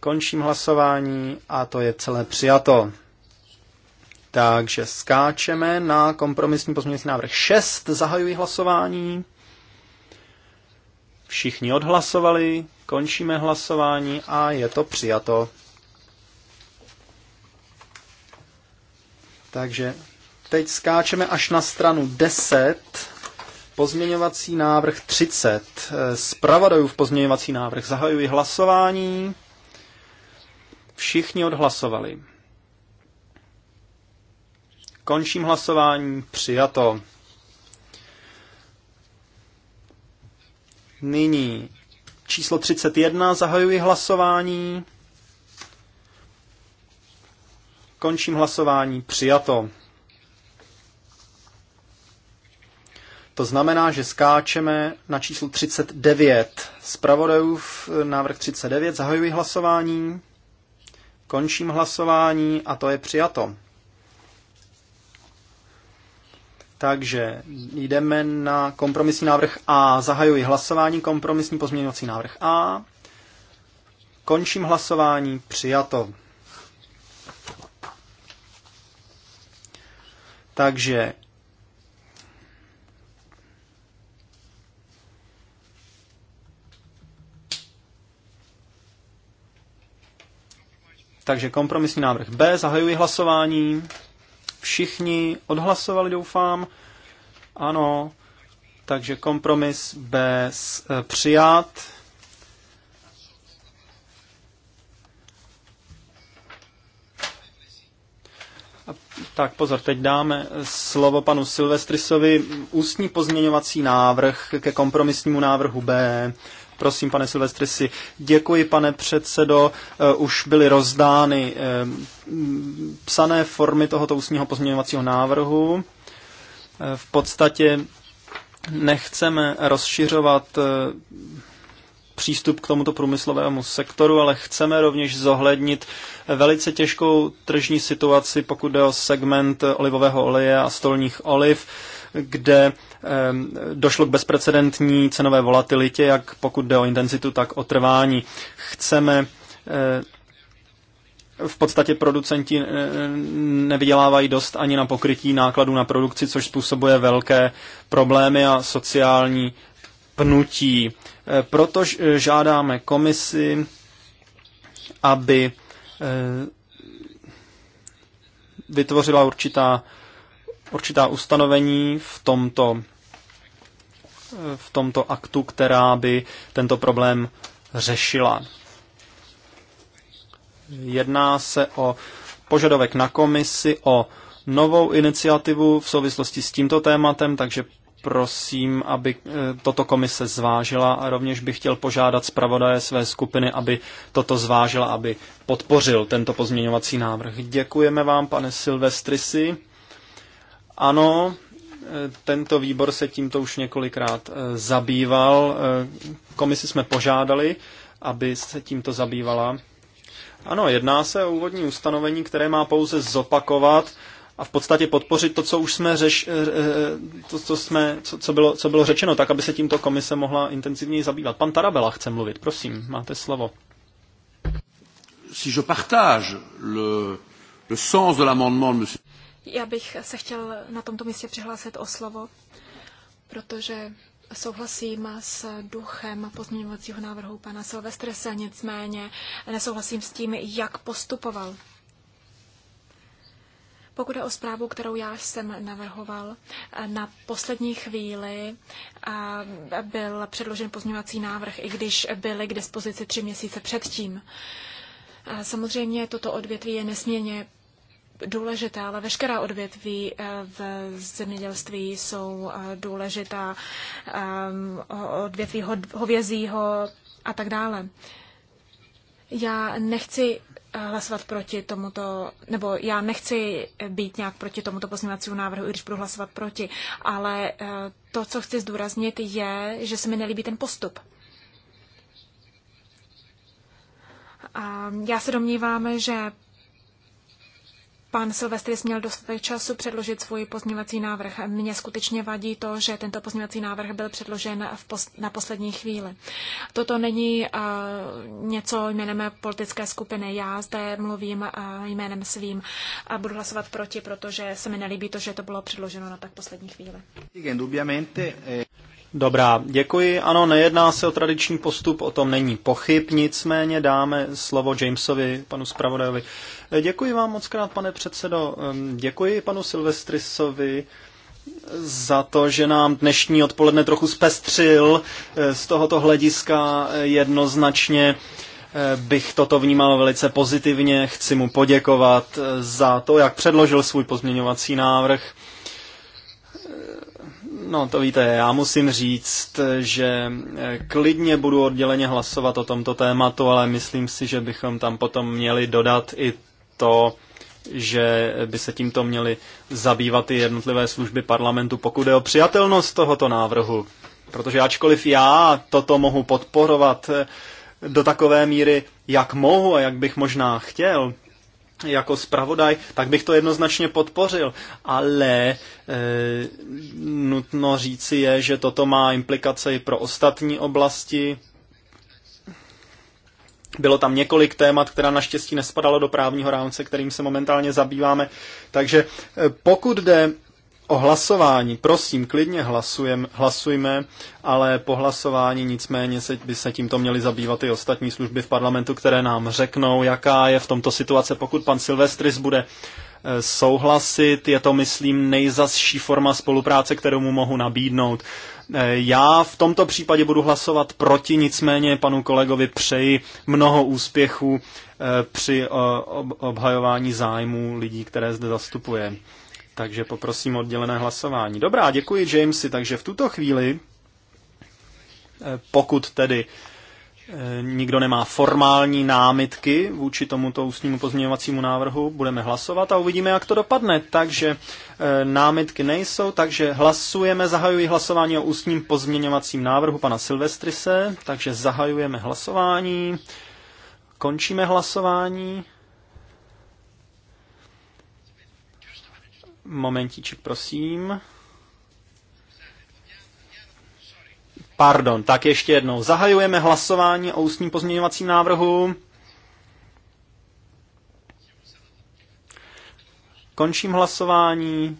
končím hlasování a to je celé přijato. Takže skáčeme na kompromisní pozměňovací návrh 6. Zahajuji hlasování. Všichni odhlasovali, končíme hlasování a je to přijato. Takže Teď skáčeme až na stranu 10, pozměňovací návrh 30. v pozměňovací návrh. Zahajuji hlasování. Všichni odhlasovali. Končím hlasování. Přijato. Nyní číslo 31. Zahajuji hlasování. Končím hlasování. Přijato. To znamená, že skáčeme na číslo 39. Spravodajův návrh 39. Zahajuji hlasování. Končím hlasování a to je přijato. Takže jdeme na kompromisní návrh A. Zahajuji hlasování, kompromisní pozměňovací návrh A. Končím hlasování, přijato. Takže Takže kompromisní návrh B, zahajuji hlasování. Všichni odhlasovali, doufám. Ano, takže kompromis B s, e, přijat. tak pozor, teď dáme slovo panu Silvestrisovi. Ústní pozměňovací návrh ke kompromisnímu návrhu B. Prosím, pane Silvestri, si děkuji, pane předsedo. Eh, už byly rozdány eh, psané formy tohoto ústního pozměňovacího návrhu. Eh, v podstatě nechceme rozšiřovat přístup k tomuto průmyslovému sektoru, ale chceme rovněž zohlednit velice těžkou tržní situaci, pokud jde o segment olivového oleje a stolních oliv kde došlo k bezprecedentní cenové volatilitě, jak pokud jde o intenzitu, tak o trvání. Chceme eh, v podstatě producenti eh, nevydělávají dost ani na pokrytí nákladů na produkci, což způsobuje velké problémy a sociální pnutí. Eh, Proto žádáme komisi, aby vytvořila určitá určitá ustanovení v tomto, v tomto aktu, která by tento problém řešila. Jedná se o požadavek na komisi o novou iniciativu v souvislosti s tímto tématem, takže prosím, aby eh, toto komise zvážila a rovněž bych chtěl požádat zpravodaje své skupiny, aby toto zvážila, aby podpořil tento pozměňovací návrh. Děkujeme vám, pane Silvestrisi. Ano, eh, tento výbor se tímto už několikrát eh, zabýval. Eh, komisi jsme požádali, aby se tímto zabývala. Ano, jedná se o úvodní ustanovení, které má pouze zopakovat a v podstatě podpořit to, co už jsme řeš, to, co, jsme, co, co, bylo, co bylo řečeno, tak, aby se tímto komise mohla intenzivněji zabývat. Pan Tarabela chce mluvit, prosím, máte slovo. Si je
partage le, le sens de l'amendement monsieur... Já bych se chtěl na tomto místě přihlásit o slovo, protože souhlasím s duchem pozměňovacího návrhu pana Silvestrese, nicméně nesouhlasím s tím, jak postupoval. Pokud je o zprávu, kterou já jsem navrhoval, na poslední chvíli byl předložen pozměňovací návrh, i když byly k dispozici tři měsíce předtím. Samozřejmě toto odvětví je nesmírně důležité, ale veškerá odvětví eh, v zemědělství jsou eh, důležitá, eh, odvětví hovězího a tak dále. Já nechci hlasovat proti tomuto, nebo já nechci být nějak proti tomuto pozměňovacímu návrhu, i když budu hlasovat proti, ale to, co chci zdůraznit, je, že se mi nelíbí ten postup. A já se domnívám, že Pan Silvestris měl dostatek času předložit svůj pozměňovací návrh. Mně skutečně vadí to, že tento pozměňovací návrh byl předložen v pos- na poslední chvíli. Toto není uh, něco jménem politické skupiny. Já zde mluvím uh, jménem svým a budu hlasovat proti, protože se mi nelíbí to, že to bylo předloženo na tak poslední chvíli.
Dobrá, děkuji. Ano, nejedná se o tradiční postup, o tom není pochyb, nicméně dáme slovo Jamesovi, panu zpravodajovi. Děkuji vám moc krát, pane předsedo. Děkuji panu Silvestrisovi za to, že nám dnešní odpoledne trochu zpestřil eh, z tohoto hlediska jednoznačně eh, bych toto vnímal velice pozitivně. Chci mu poděkovat eh, za to, jak předložil svůj pozměňovací návrh No, to víte, já musím říct, že eh, klidně budu odděleně hlasovat o tomto tématu, ale myslím si, že bychom tam potom měli dodat i to, že by se tímto měly zabývat i jednotlivé služby parlamentu, pokud je o přijatelnost tohoto návrhu. Protože ačkoliv já toto mohu podporovat eh, do takové míry, jak mohu a jak bych možná chtěl, jako zpravodaj, tak bych to jednoznačně podpořil. Ale e, nutno říci je, že toto má implikace i pro ostatní oblasti. Bylo tam několik témat, která naštěstí nespadalo do právního rámce, kterým se momentálně zabýváme. Takže e, pokud jde o hlasování. Prosím, klidně hlasujem, hlasujme, ale po hlasování nicméně se, by se tímto měly zabývat i ostatní služby v parlamentu, které nám řeknou, jaká je v tomto situace, pokud pan Silvestris bude e, souhlasit. Je to, myslím, nejzasší forma spolupráce, kterou mu mohu nabídnout. E, já v tomto případě budu hlasovat proti, nicméně panu kolegovi přeji mnoho úspěchů e, při obhajování zájmů lidí, které zde zastupuje. Takže poprosím oddělené hlasování. Dobrá, děkuji Jamesy. Takže v tuto chvíli, eh, pokud tedy eh, nikdo nemá formální námitky vůči tomuto ústnímu pozměňovacímu návrhu, budeme hlasovat a uvidíme, jak to dopadne. Takže eh, námitky nejsou, takže hlasujeme, zahajuji hlasování o ústním pozměňovacím návrhu pana Silvestrise, takže zahajujeme hlasování, končíme hlasování. Momentíček, prosím. Pardon, tak ještě jednou. Zahajujeme hlasování o ústním pozměňovacím návrhu. Končím hlasování.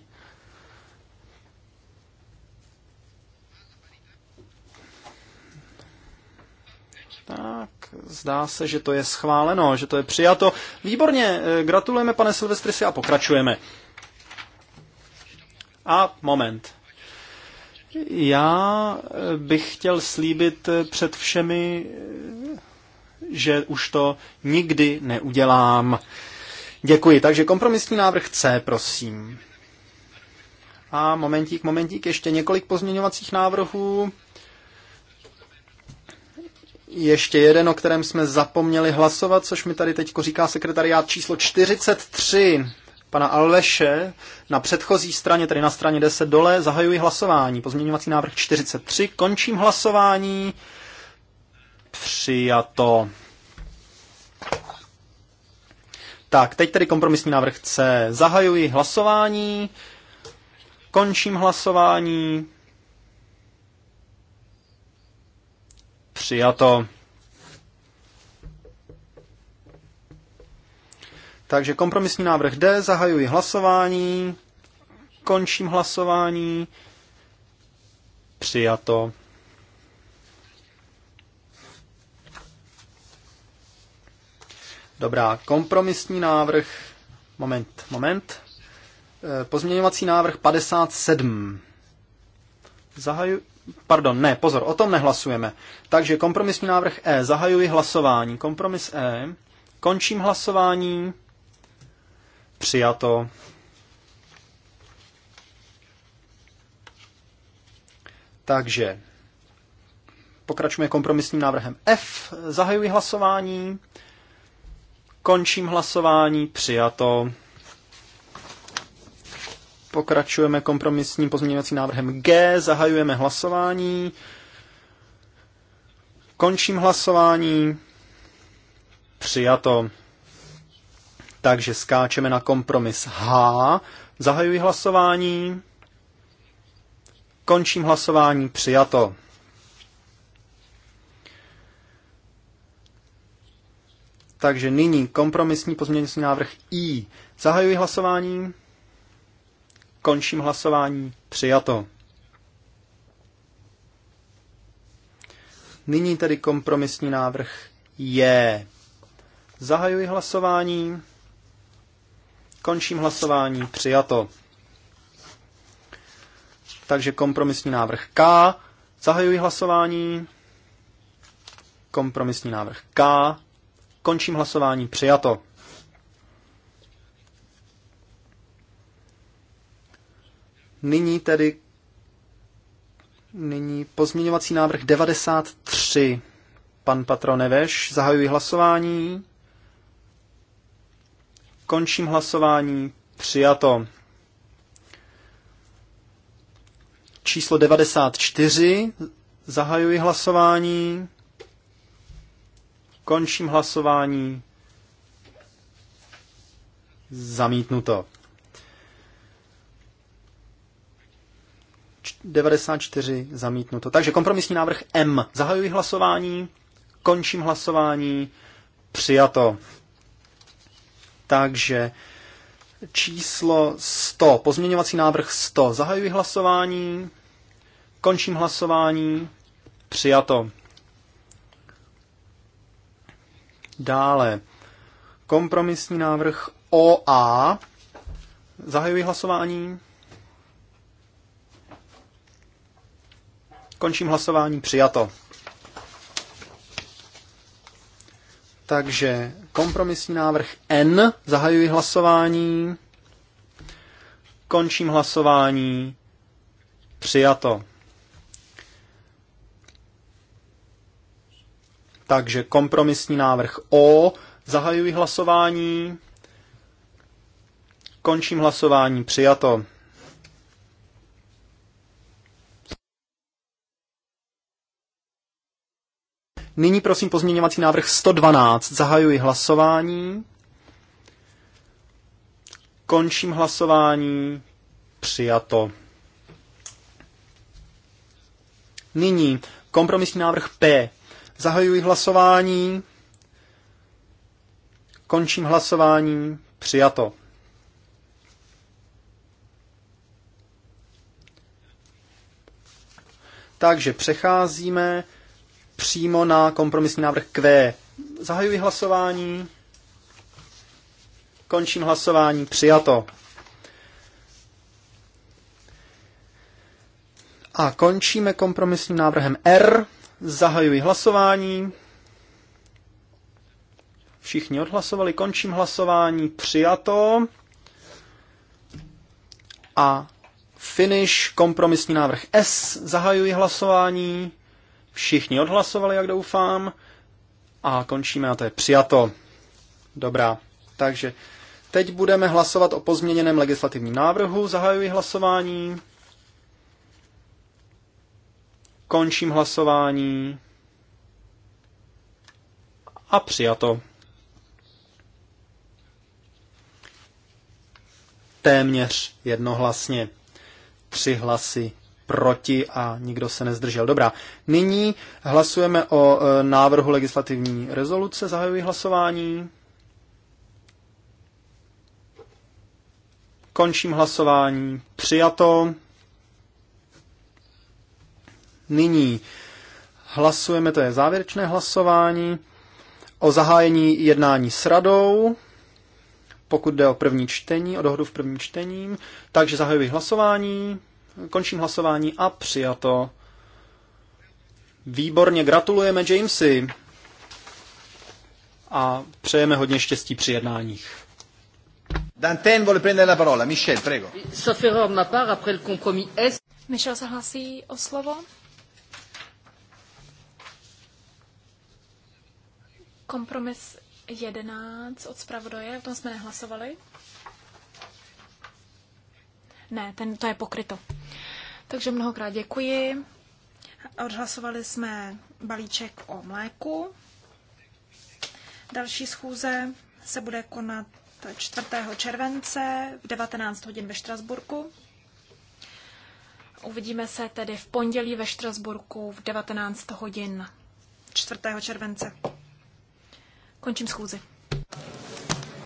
Tak, zdá se, že to je schváleno, že to je přijato. Výborně, eh, gratulujeme pane Silvestrisi a pokračujeme. A moment. Já eh, bych chtěl slíbit eh, před všemi, eh, že už to nikdy neudělám. Děkuji. Takže kompromisní návrh C, prosím. A momentík, momentík, ještě několik pozměňovacích návrhů. Ještě jeden, o kterém jsme zapomněli hlasovat, což mi tady teď říká sekretariát číslo 43 pana Alveše na předchozí straně, tedy na straně 10 dole, zahajuji hlasování. Pozměňovací návrh 43, končím hlasování. Přijato. Tak, teď tedy kompromisní návrh C. Zahajuji hlasování, končím hlasování. Přijato. Takže kompromisní návrh D, zahajuji hlasování, končím hlasování, přijato. Dobrá, kompromisní návrh, moment, moment, e, pozměňovací návrh 57. Zahaju, pardon, ne, pozor, o tom nehlasujeme. Takže kompromisní návrh E, zahajuji hlasování, kompromis E, končím hlasování, Přijato. Takže pokračujeme kompromisním návrhem F. Zahajuji hlasování. Končím hlasování. Přijato. Pokračujeme kompromisním pozměňovacím návrhem G. Zahajujeme hlasování. Končím hlasování. Přijato. Takže skáčeme na kompromis H. Zahajuji hlasování. Končím hlasování. Přijato. Takže nyní kompromisní pozměňovací návrh I. Zahajuji hlasování. Končím hlasování. Přijato. Nyní tedy kompromisní návrh J. Zahajuji hlasování. Končím hlasování. Přijato. Takže kompromisní návrh K. Zahajuji hlasování. Kompromisní návrh K. Končím hlasování. Přijato. Nyní tedy nyní pozměňovací návrh 93. Pan Patroneveš, zahajuji hlasování. Končím hlasování. Přijato. Číslo 94. Zahajuji hlasování. Končím hlasování. Zamítnuto. 94 zamítnuto. Takže kompromisní návrh M. Zahajuji hlasování, končím hlasování, přijato. Takže číslo 100, pozměňovací návrh 100. Zahajuji hlasování, končím hlasování, přijato. Dále, kompromisní návrh OA. Zahajuji hlasování. Končím hlasování, přijato. Takže Kompromisní návrh N. Zahajuji hlasování. Končím hlasování. Přijato. Takže kompromisní návrh O. Zahajuji hlasování. Končím hlasování. Přijato. Nyní prosím pozměňovací návrh 112. Zahajuji hlasování. Končím hlasování. Přijato. Nyní kompromisní návrh P. Zahajuji hlasování. Končím hlasování. Přijato. Takže přecházíme přímo na kompromisní návrh Q. Zahajuji hlasování. Končím hlasování. Přijato. A končíme kompromisním návrhem R. Zahajuji hlasování. Všichni odhlasovali, končím hlasování, přijato. A finish, kompromisní návrh S, zahajuji hlasování. Všichni odhlasovali, jak doufám. A končíme a to je přijato. Dobrá. Takže teď budeme hlasovat o pozměněném legislativním návrhu. Zahajuji hlasování. Končím hlasování. A přijato. Téměř jednohlasně. Tři hlasy proti a nikdo se nezdržel. Dobrá, nyní hlasujeme o e, návrhu legislativní rezoluce. Zahajuji hlasování. Končím hlasování. Přijato. Nyní hlasujeme, to je závěrečné hlasování, o zahájení jednání s radou, pokud jde o první čtení, o dohodu v prvním čtení. Takže zahajuji hlasování. Končím hlasování a přijato. Výborně, gratulujeme Jamesy a přejeme hodně štěstí při jednáních. Danten vole prendere la parola. Michel, prego.
Sauf erreur ma part, après le compromis S. Michel se hlasí o slovo. Kompromis 11 od zpravodaje, o tom jsme nehlasovali. Ne, ten, to je pokryto. Takže mnohokrát děkuji. Odhlasovali jsme balíček o mléku. Další schůze se bude konat 4. července v 19 hodin ve Štrasburku. Uvidíme se tedy v pondělí ve Štrasburku v 19 hodin 4. července. Končím schůzi.